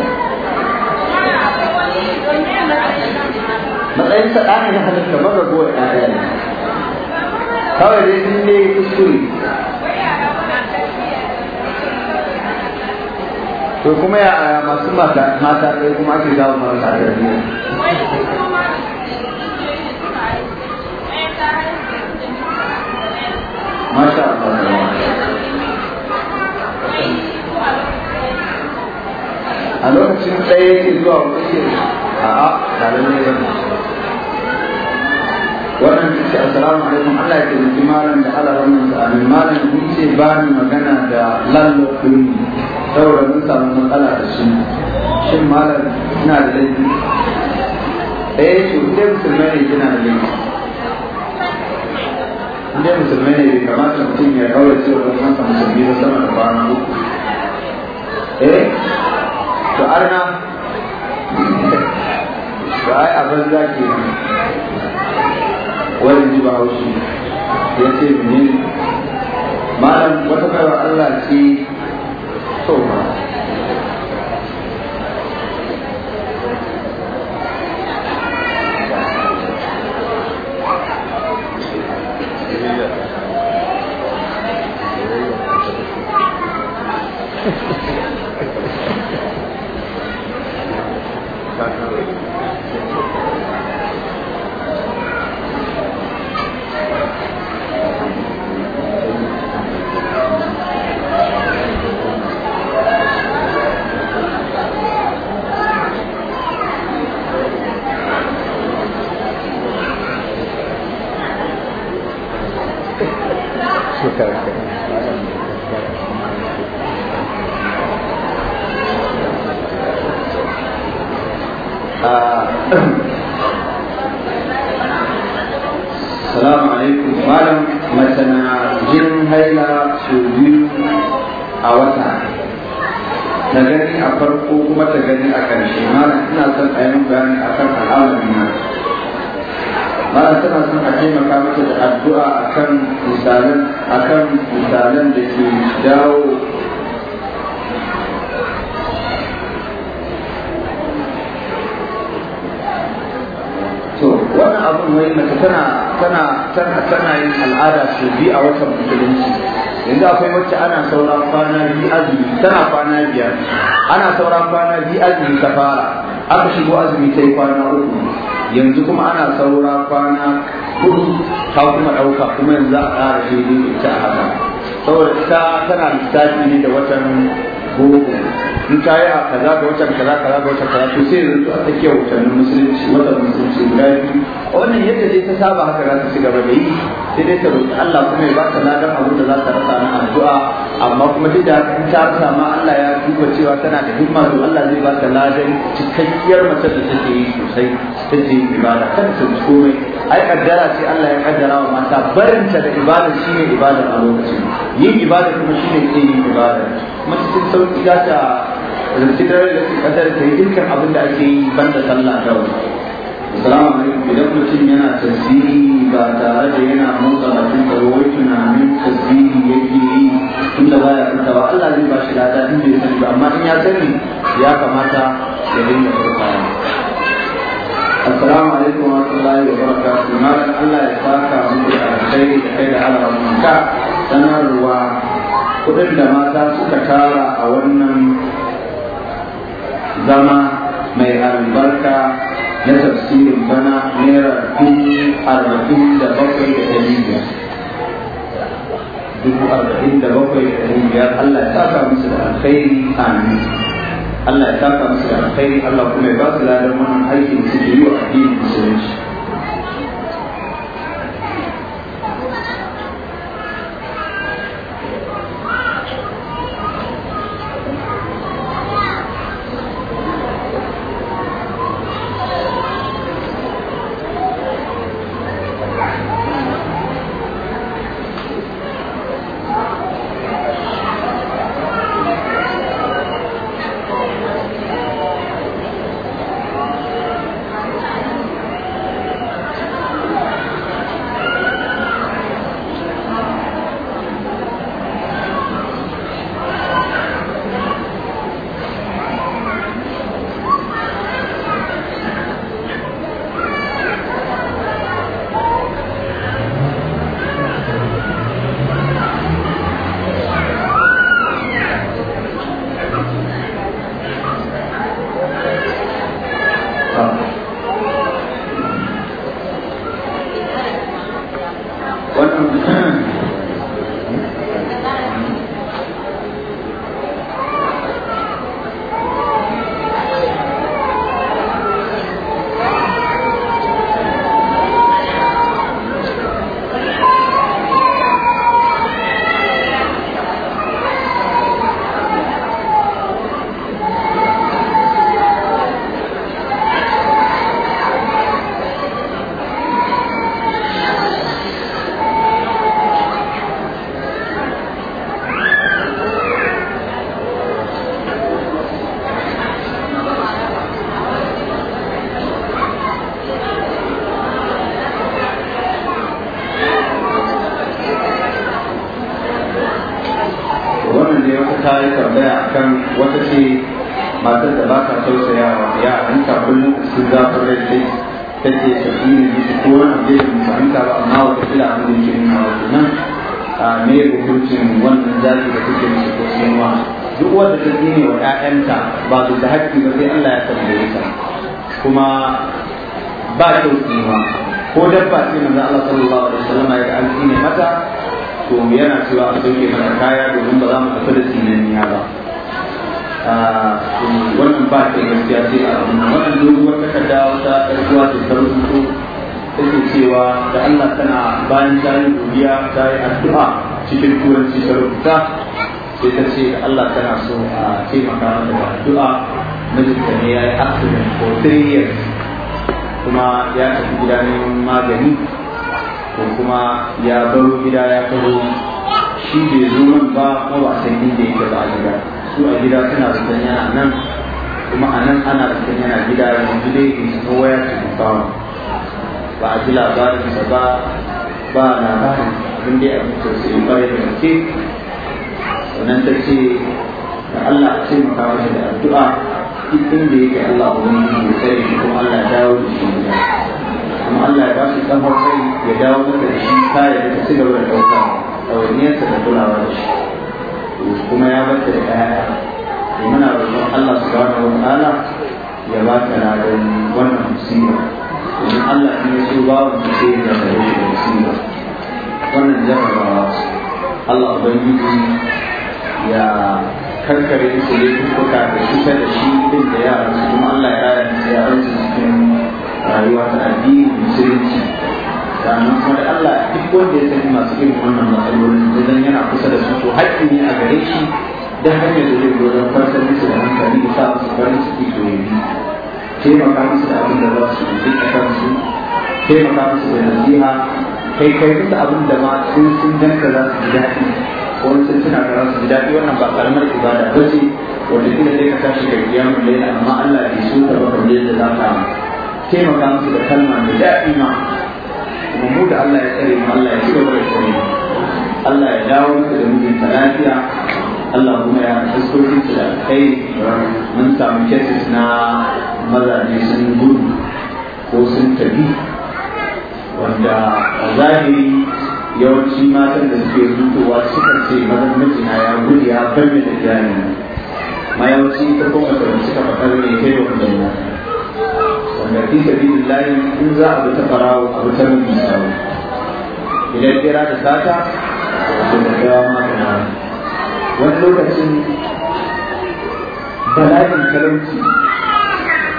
matsayin sa ɗani na halal kamar ragowar ɗaya ne kawai dai sun ne kuskure to kuma ya masu mata mata ɗaya kuma ake dawo marasa ɗaya masha Allah a lokacin ɗaya yake zuwa wuce a a tare ne ba wannan duk ce assalamu alaikum Allah ya taimaki malam da Allah ramin sa amin malam kun ce ba ni magana da lallo saboda mun samu matsala da shi shin malam ina da laifi ɗaya eh, ce wuce musulmai ne kina da laifi inda musulmai ne bai kamata mutum ya kawo cewa don haka musulmi na sama da kwana uku eh to arna to ai abin za ke wani ji ba haushi ya ce mini malam wata kawai Allah ce to ba addu'a akan misalan akan misalan da ke dawo to wannan abin wai mace tana tana tana tana yin al'ada su bi a watan musulunci yanzu akwai wacce ana sauran kwana bi azumi tana kwana biyar ana sauran kwana bi azumi ta fara aka shigo azumi ta yi kwana uku yanzu kuma ana saura kwana kuma ɗauka kuma yanzu a ƙara daidai da ita a haka saboda ita tana tafi ne da watan goma in ta yi a kaza ga watan kaza kaza ga watan kaza to sai yanzu a tsakiyar watannin musulunci watan musulunci guda biyu wannan yadda dai ta saba haka za ta ci gaba da yi sai dai ta roƙi Allah kuma ya ba ta ladan abin da za ta rasa na addu'a amma kuma duk da in ta rasa ma Allah ya duba cewa tana da himma to Allah zai ba ta ladan cikakkiyar mace da take yi sosai je ibada kan ta komai ai kaddara ce Allah ya kaddara wa mata barinta da ibada shi ne ibada a lokacin yin ibada kuma shi ne ke yin ibada mace sun sauki za ta rintirar da su kaddara ta yi dukkan abin da ake yi ban da sallah kawai assalamu alaikum idan mutum yana tasiri ba tare da yana motsa bakin sa ba wai tunanin tasiri yake yi da baya kanta ba Allah zai ba shi lada in bai sani ba amma in ya sani ya kamata ya dinga furtawa السلام عليكم ورحمة الله وبركاته مالا ألا يساك عمرك على الخير كيد على رمضانك sanarwa kudin da mata suka tara a wannan zama mai albarka na tafsirin bana naira dubu arba'in da bakwai da ɗari dubu arba'in da bakwai da Allah ya saka musu da alkhairi Allah kuma ya ba su ladan wannan aiki da suke yi wa addinin musulunci 3 years kuma ya tafi gida neman magani ko kuma ya baro gida ya karo shi bai zo nan ba ko wasanni san inda yake ba a gida su a gida suna zaton yana nan kuma a nan ana zaton yana gida yanzu dai in su ta waya ta kawo ba a ji labarinsa ba ba labarin abin da ya fi in kwarai da gaske sannan ta ce da Allah a taimaka mata da addu'a duk da yake Allah ya tsare shi kuma Allah ya dawo da shi kuma Allah ya ba shi ya dawo maka da shi da ci gaba da ɗawainiyarsa da kulawa da shi kuma ya bata da ɗaya muna roƙon Allah subhanahu wa ta'ala ya ba ta ladan wannan musiba domin Allah ba ya da shi musiba wannan jarabawa Allah ubangiji ya kankare su ne kuka da kusa da shi din da yara su kuma Allah ya raya da yaran su cikin rayuwa ta addini musulunci Da nan kuma da Allah duk wanda ya sani masu irin wannan matsalolin zan yana kusa da su to haƙƙi ne a gare shi dan hanyar da zai gudan farsa musu da hankali da sa su farin ciki to yi taimaka musu da abin da za su yi a kansu taimaka musu da nasiha kai kai musu abin da ma sun sun danka za su ji daɗi wani sun suna da su ji daɗi wannan ba karamar ibada ba ce wanda kila sai ka tashi ka biya mu laila amma Allah bai su ta ba kamar yadda za ka taimaka musu da kalma mai daɗi ma kuma mu da Allah ya tsare mu Allah ya ci gaba da tsare mu Allah ya dawo musu da mijinta lafiya Allah kuma ya fuskokin su da kai mun samu cases na mazaje sun gudu ko sun tafi wanda a zahiri yawanci matan da suke zutowa suka ce mazan mijina ya gudu ya bar da gidani ma yawanci ta kuma da ka faɗa ne kai wa kudina wanda fi sabilin layi in za a bi ta farawo a wutar mai sawo idan kira da sata to da dawa ma kana wani lokacin bala'in talauci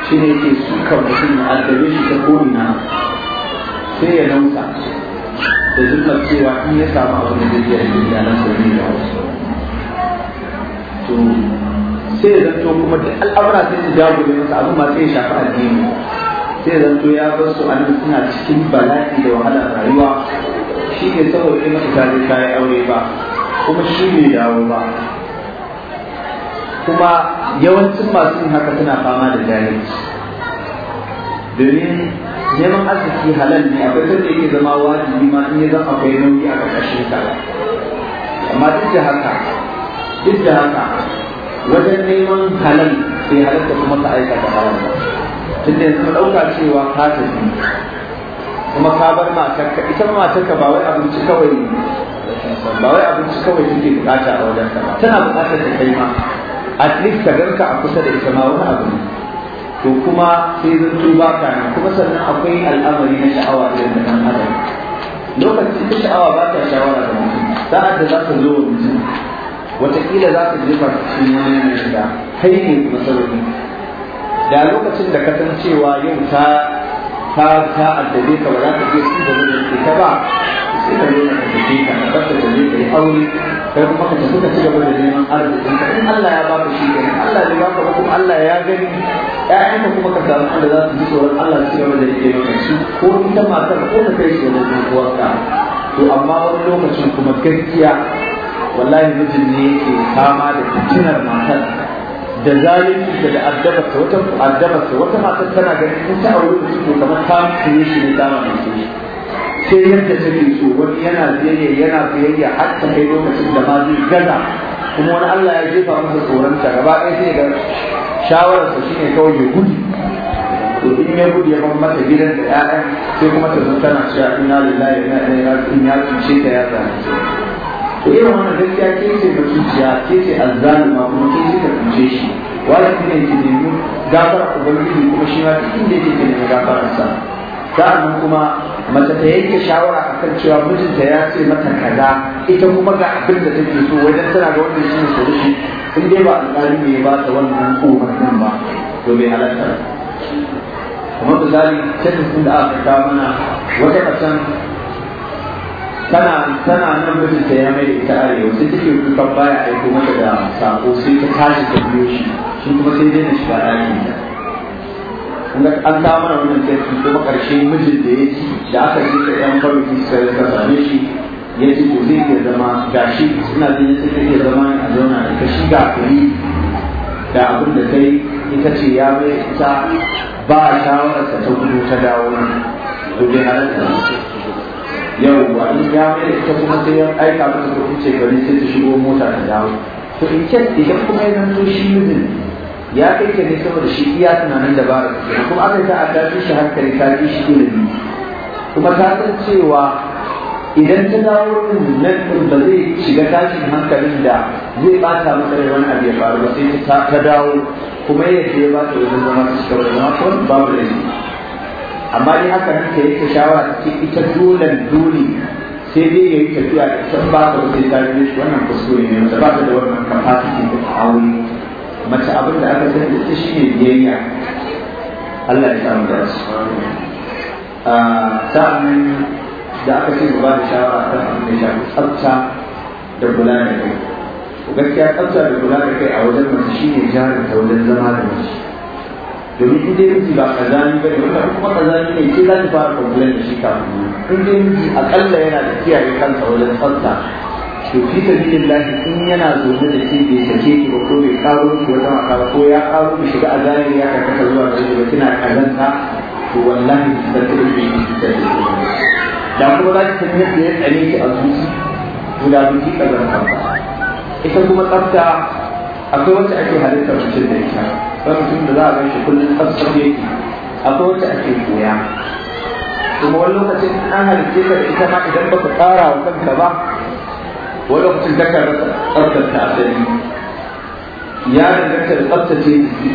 shi ne ke suka mutum a addabe shi ta ko'ina sai ya nausa da zumar cewa in ya samu abin da zai yi da nan sai da wasu to sai ya kuma duk al'amura sai su jawo da masa abin masu yin ya shafi addini sai ya zanto ya bar su an suna cikin bala'i da wahala rayuwa shi ne saboda in masa ta yi aure ba kuma shi ne dawo ba kuma yawancin masu yin haka suna fama da jahilci domin neman arziki halal ne a bai da yake zama wajibi ma in yi zama akwai nauyi a ƙarƙashin ka amma duk da haka duk da haka wajen neman halal sai halatta kuma ka aikata halal ba tun da yanzu ɗauka cewa ka tafi kuma ka bar ka. ita matarka ba wai abinci kawai ba wai abinci kawai take bukata a wajen ka tana bukatar ta kai ma at least ka ganka a kusa da ita ma wani abu ne to kuma sai zan ba ka ne kuma sannan akwai al'amari na sha'awa irin da nan adam lokacin da sha'awa ba ta shawara da mutum sa'ad da za ka zo wa mutum wataƙila za ka jefa cikin wani yanayin da kai ne kuma saboda. da lokacin da ka san cewa yau ta ta ta addabe ka ba za ka je su da ta ba sai ka nuna ka tafi ka ka tafi da ka yi aure kai kuma ka tafi ka ci gaba da neman arziki in Allah ya baka shi kenan Allah ya baka ba kuma Allah ya gani ƴaƴanka kuma ka samu wanda za su ji tsoron Allah su ci gaba da rike maka su ko ita matar ko ta kai shi ne ko kuwa ka to amma wani lokacin kuma gaskiya wallahi mijin ne yake fama da fitinar matar da zalunci da addabarsa wata addabarsa wata matar tana ganin in ta aure mutum to kamar ta mutu ne shi ne ta mutu ne sai yadda take so wani yana biyayya yana biyayya har ta kai lokacin da ma zai gaza kuma wani Allah ya jefa masa tsoron ta gaba ɗaya sai ga shawararsa shine kawai ya gudu to in ya gudu ya mata gidan da ƴaƴan sai kuma ta zanta na cewa inna lillahi wa inna ilaihi raji'un ya ce ta ya zane to irin wannan gaskiya ke ce ka cuciya ke ce azzalima kuma ke ce ka kunce shi wani ne ke nemi gafara ubangiji kuma shi ma cikin da yake ke nemi gafararsa sa'annan kuma mace ta yanke shawara a kan cewa mijinta ya ce mata kaza ita kuma ga abin da take so wajen tana ga wannan shi ne solution in dai ba alƙali ne ba ta wannan umarnin ba to bai halatta kuma misali cikin da aka ta mana wata kasan tana tana nan mijinta ya mai ita arewa sai take kukan baya aiko mata da sako sai ta tashi ta biyo shi shi kuma sai dai na shiga ɗakin kuma an kawo mana wannan tafi kuma karshe mijin da ya da aka ji da yan farki sai ka same shi ya ji ko zai ke zama gashi suna jin suka ke zama a zauna da kashi ga kuri da abin da kai ita ce ya mai ita ba shawararsa ta gudu ta dawo nan gobe halatta yau ba ni ya mai ita kuma sai ya aika mata kuɗi ce gari sai ta shigo mota ta dawo to in ce idan kuma ya zanto shi mijin ya kai ka ne saboda shi iya tunanin da ba kuma aka ta a shi hankali ta ji shi ilimi kuma ta san cewa idan ta dawo nan ba zai shiga tashin hankalin da zai bata masa rai wani abu ya faru ba sai ta dawo kuma ya ce ba ta wajen zama ta shiga wajen zama kuma babu da ni amma dai haka nan ta yi ta shawara ta ce ita dole dole sai dai ya yi tafiya ta ba ta wajen zama wannan kuskure ne ba ta da wannan capacity ta aure mace abin da aka sani ita shi ne biyayya Allah ya samu da su ah, sa'annan da aka ce ba da shawara kan abin da shafi tsafta da kula da kai gaskiya tsafta da kula da kai a wajen mace shi ne jarin ta wajen zama da mace domin in dai miji ba kazani ba ne wanda kuma kazani ne ke za ki fara kwamfulan da shi kafin in dai miji akalla yana da kiyaye kansa wajen tsafta to fi lafi in yana zuwa da shi bai sake ki ba ko bai karo ki wata maka ba ko ya karo ki shiga a zahiri ya karkata zuwa da shi ba kina kazanta to wallahi ki san ta ki da da kuma za ki tafi da ya tsare ki a zuci guda da ki kazanta ba ita kuma tsafta akwai wacce ake halitta mutum da ita ba mutum da za a gan shi kullum tsafta ke akwai wacce ake koya kuma wani lokacin an halitta ka da ita ma idan ba ka tsara wa kanka ba wani lokacin takan rasa tsaftace asali ya danganta da tsaftace jiki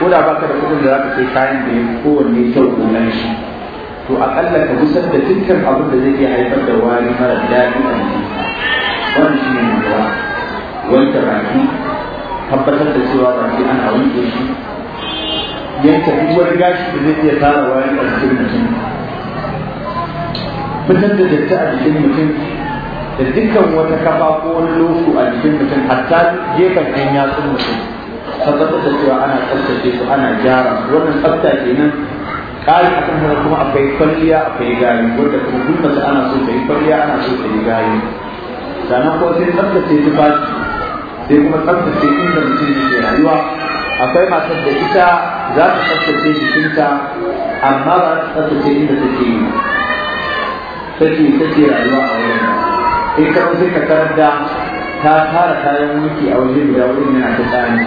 ko da baka da kuɗin da za ka sai kayan da ya kowanne kyau ko nan shi to aƙalla ka busar da dukkan abin da zai iya haifar da wari mara daɗi a jiki wannan shi ne mawa wanke baki tabbatar da cewa baki ana wanke shi yanka duk wani gashi da zai iya tara wari a jikin mutum fitar da datti a jikin mutum da dukkan wata kafa ko wani losu a jikin mutum hatta gefen ɗan yatsun mutum tabbatar da cewa ana tsaftace su ana gyara wannan tsafta kenan kari a kan hana kuma akwai kwalliya akwai gayi wanda kuma duk da ana so ta yi kwalliya ana so ta yi gayi sannan ko sai tsaftace su ba sai kuma tsaftace inda mutum ke rayuwa akwai matar da ita za ta tsaftace jikinta amma ba ta tsaftace inda take yi take take rayuwa a wurin in ka fi ka tarar da ta fara kayan mulki a waje guda wurin yana ta tsani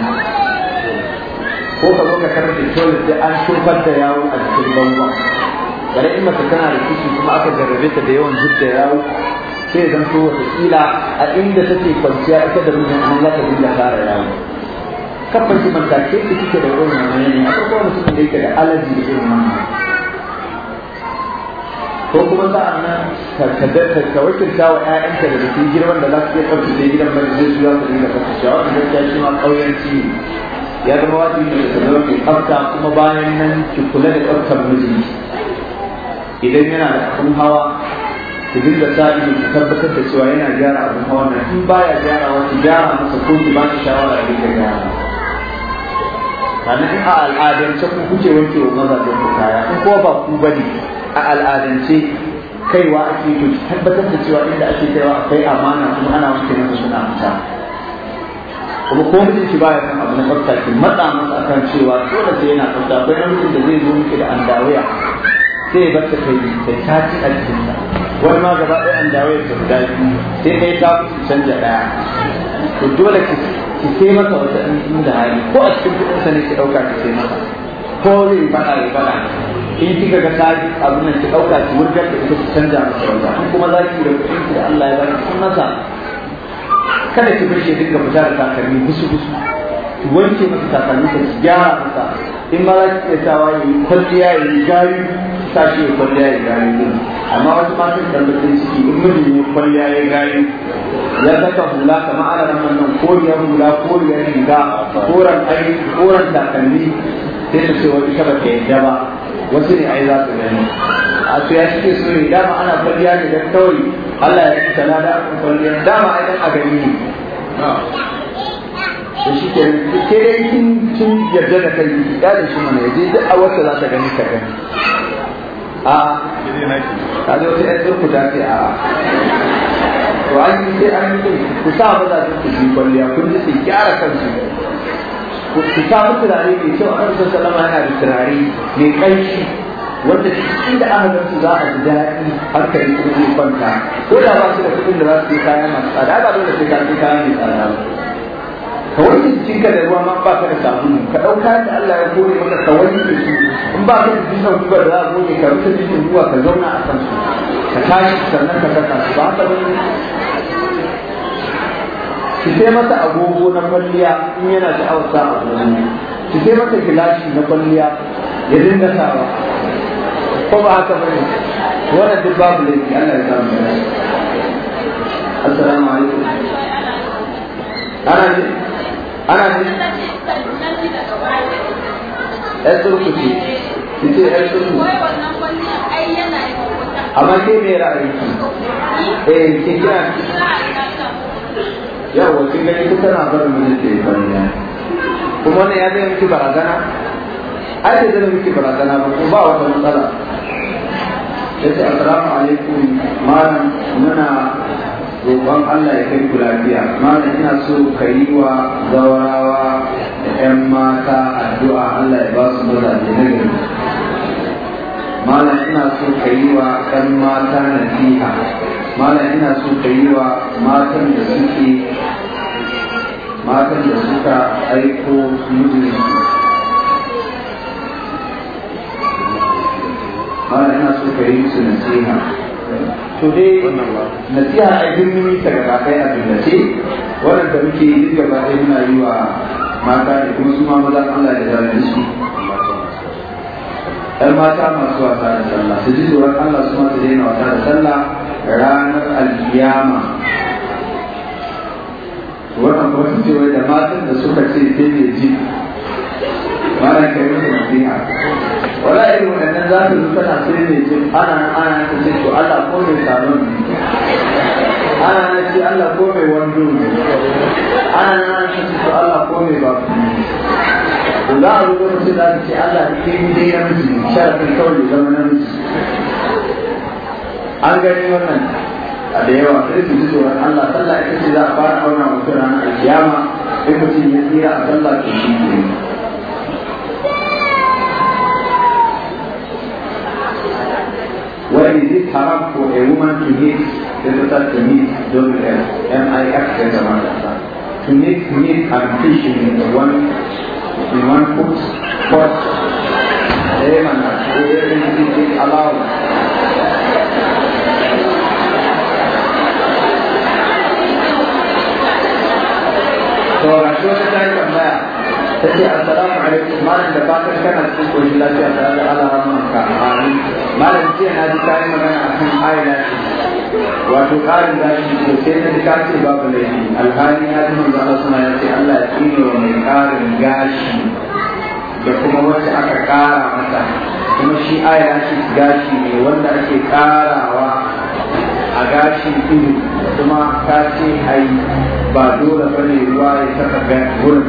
ko ka zo ka karanta toilet an shofar da yawo a cikin bangon bare in mace tana da kishi kuma aka jarrabe ta da yawan zub da yawo sai zan so wata kila a inda take kwanciya ita da mijin an za ta dinga tara yawo kafin ki ke da kike da wannan yanayi a farko mutum da yake da alaji da irin wannan ko kuma sa'an nan ka wakilta wa ƴaƴanka da su girman da za su iya ɗauki da gidan mai zai su za su dinga tsaftacewa wanda gaskiya shi ma ƙauyanci ya zama wajibi da ka zama mai tsafta kuma bayan nan ki kula da tsaftar miji idan yana da abin hawa ki dinga sa ido ki tabbatar da cewa yana gyara abin hawa nan in baya gyarawa ki gyara masa ko ki ba shi shawara a dinga gyara sannan a al'adance ku kuke wanke wa mazajen ku kaya in ko ba ku bane a al'adance kaiwa ake to tabbatar da cewa inda ake kaiwa akwai amana kuma ana wanke masa na mutum kuma ko mutum ki baya kan abu na tsafta ke matsa masa akan cewa dole sai yana tsafta akwai namijin da zai zo miki da andawaya sai ya barta kai da taci a jikinsa wani ma gaba ɗaya andawaya ta guda biyu sai kai ta fi canja ɗaya to dole ki sai masa wata ɗan da hali ko a cikin kuɗinsa ne ki ɗauka ki sai masa ko zai faɗa ya faɗa in kika ga ta abin nan ki dauka ki wurgar da ita canja masa wanda in kuma za ki da kuɗin da Allah ya ba ki kun kada ki bar shi dinga fita da takalmi gusu gusu ki wanke masa takalmi ka ki gyara masa in ba za ki iya sa ya yi kwalliya ya yi gari sa shi ya kwalliya ya gari din amma wasu matan da ba ciki in mijin ya kwalliya ya gari ya saka hula kamar ana nan nan koriyar hula koriyar riga koran aiki koran takalmi sai ta ce wani kaba ke yadda ba wasu ne ai za su gani a su ya shi su ne dama ana kwalliya ne da kawai Allah ya ci sana da aka kwalliya dama ai a gani ne da shi ke ke dai kin kin yarda da kai ya da shi mana yaje duk a wata za ta gani ka gani a ka zo sai ai zurku ta ce a to an yi sai an yi ku sa ba za ku ji kwalliya kun ji sai gyara kansu su samu turare mai kyau a nan sallama yana da turare mai ƙanshi wanda cikin da ahalin za a ji daɗi har ka yi kuɗi kwanta ko da ba su da kuɗin da za su yi kaya masu tsada ba dole sai ka yi kaya mai tsada ka wanke jikinka da ruwa ma ba ka da sabulu ka ɗauka da Allah ya kore maka ka wanke su in ba ka da jikin gubar da za a goge ka rufe jikin ruwa ka zauna a kan su ka tashi sannan ka kasa su ba ka ki sai masa agogo na kwalliya in yana da sha'awar sa agogo ki sai mata gilashi na kwalliya ya dinga sawa ko ba haka ba ne wannan duk babu laifi Allah ya samu assalamu alaikum ana ne ana ne ya tsurku ce ki ce ya tsurku amma ke me ra'ayi eh ki kira yawa kin ga tana barin mijin ta yi bariya kuma wannan ya zai miki barazana ai da zai miki barazana ba ko ba wata matsala ya ce assalamu alaikum malam muna roƙon Allah ya kai ku lafiya malam ina so ka yi wa zawarawa da 'yan mata addu'a Allah ya ba su mazaje na gari malam ina so ka yi wa 'yan mata nasiha mana ina so ka yi wa matan da suke matan da suka aiko mijinsu mana ina so ka yi su nasiha to dai nasiha a nuni ta gaba kai a jumlace wadanda muke yi duk gaba ɗaya muna yi wa mata da kuma su ma maza Allah ya su. ɗan mata masu wasa da sallah su ji tsoron Allah su masu daina wasa da sallah ranar alkiyama wannan kuma su ce wai da matan da suka ce ke ne ji mana kai wani nasiha wala irin wani za su zuka na sai ne ji ana nan ana ta ce to Allah ko mai salon ne ana nan ce Allah ko mai wando ne ana nan ce to Allah ko mai ba ne za a rubo mutum da ta ce Allah da ke ni dai namiji sharafin kawai zama namiji an gani wannan a da yawa sai su ji tsoron Allah sallah ita ce za a fara auna mutum ranar alkiyama in mutum ya tsira a sallah to shi ne When is it haram for a woman to meet the daughter to meet W-M-I-X, to meet meat and fish in one When one puts first them and everything is allowed. So Rasul Sai tambaya ta ce assalamu alaikum malam da fatan kana cikin koshin lafiya tare da Allah rahmanka malam jiya na ji kayan magana akan ayyana wato ƙarin gashi ko sai na ka ce babu laifi alhali ya ji manzo Allah suna ya ce Allah ya tsine wa mai ƙarin gashi da kuma wacce aka ƙara mata kuma shi aya ce gashi ne wanda ake ƙarawa a gashi ido kuma ta ce ai ba dole ne ruwa ya saka gurin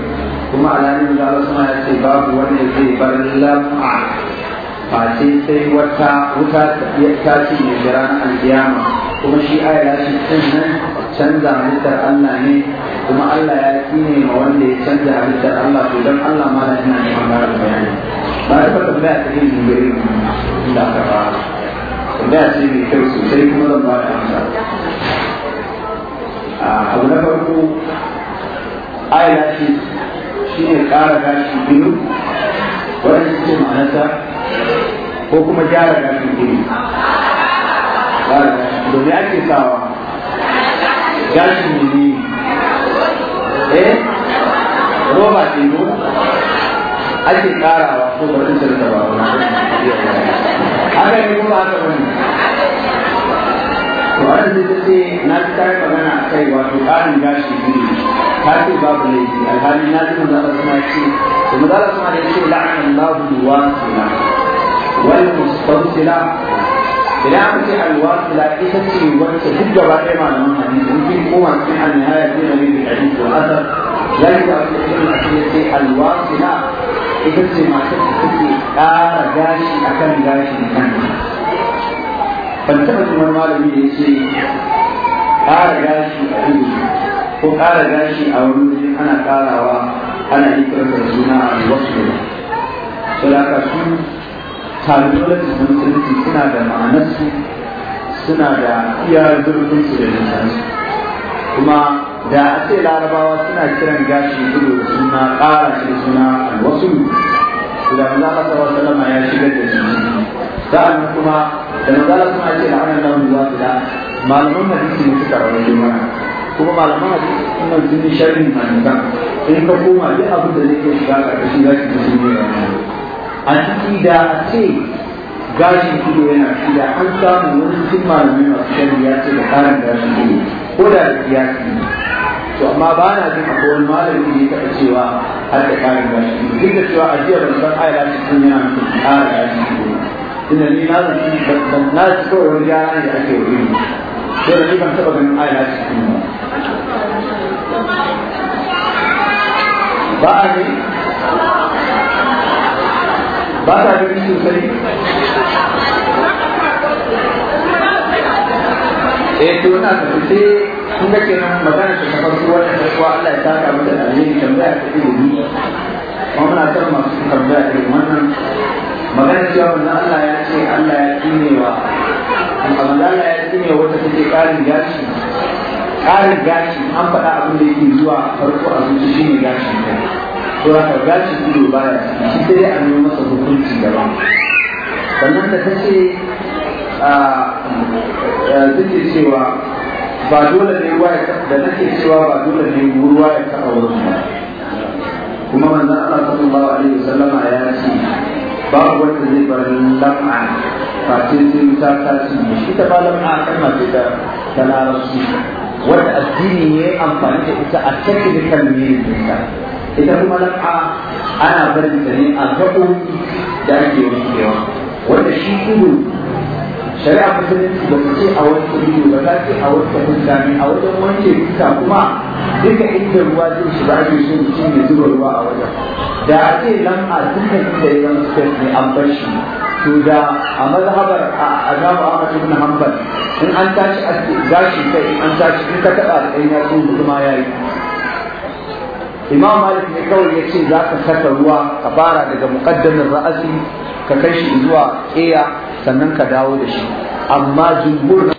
kuma alhali manzo Allah suna ya ce babu wanda zai bar lam'a face sai wata wuta ta ci ne jira ranar alkiyama kuma shi aya shi din nan canza halittar Allah ne kuma Allah ya ne ma wanda ya canza halittar Allah to dan Allah ma na ina neman da bayani ba ta ba tambaya ta yin gari inda aka fara tambaya ce mai kyau sosai kuma zan ba da amsa abu na farko aya shi ne ƙara gashi biyu wani cikin ma'anarsa ko kuma gyara gashin gini domin ake sawa gashin gini eh roba ce ko ake karawa ko ba su sarta ba haka ne kuma haka wani to wanda zai ce na ta tare magana a kai wato ƙarin gashi gini ta ce babu laifi alhali na ji manzala suna ce da manzala suna da ya ce la'anan babu duwa suna wanda idan an ce alwa da ita ce wacce duk gaba ɗaya ma nan hannu in kin koma cikin annihaya da mai da to azar zai ga wata irin a cikin ce alwa da ita ce masu da suke ƙara gashi a kan gashi na kan malami da ya ce gashi a duk ko ƙara gashi a wani ana ƙarawa ana yi ƙarfar suna a kalmomin musulunci suna da ma'anarsu suna da iya zurfinsu da nisansu kuma da a ce larabawa suna kiran gashi gudu da suna ƙara shi suna alwasu da manzala sallallahu alaihi wasallam ya shigar da shi sa'an kuma da manzala suna ce la'anar da wanda za da malaman hadisi ne suka rawaito mana kuma malaman hadisi suna sun yi sharrin manzan in ka koma duk abin da zai ke shiga ƙarƙashin gashi da sun yi a ciki da a ce gashin ido yana ci da an samu wani cikin malamai masu shan ya ce da karin gashin ido ko da da kiyasi ne to amma ba na jin akwai wani malami da ya taɓa cewa har da karin gashin ido duk da cewa a jiya ban san ayar cikin yana nufin ƙara gashin ido tunda ni na zan ci na ci kawai wani yara ne da ake wuri ko da ni ban taɓa ganin ayar cikin ba ba a ne ba ta gani sosai E to na tafi kun ga kenan magana ta farko wannan farko Allah ya saka mata da alheri tambaya ta ilimi kuma muna son masu tambaya irin wannan magana cewa wannan Allah ya ce Allah ya tsinewa amma Allah ya tsinewa wata take ƙarin gashi ƙarin gashi an faɗa abin da yake zuwa farko a zuci shine gashin kai to haka gashi ido baya shi sai dai a masa hukunci daban sannan da ta ce take cewa ba dole ne ruwa da nake cewa ba dole ne ruwa ya taɓa wurin ba kuma manzon Allah sallallahu alaihi wasallama ya ce babu wanda zai bar lam'a face sai ta ta cinye shi ta ba lam'a kalma ce ta ta larabci wanda addini ne amfani da ita a cikin kalmi ne ita kuma laf'a ana bari ta ne a gaɓo da ake kewa wanda shi kudu shari'a musulunci ba ta ce a wani kudu ba ta ce a kudu da ne a wajen wanke fuska kuma duka inda ruwa zai ba ake so mutum ya zuba ruwa a wajen da ake lam'a dukkan inda ya zama suka ne an bar shi to da a mazhabar azabu Ahmad na Hanbal in an tashi a gashi kai in an tashi in ka taba da ɗan sun kuma yayi imam malik ne kawai ya ce za ka saka ruwa ka fara daga muqaddamin ra'asi ka kai shi zuwa ƙeya sannan ka dawo da shi amma jumhur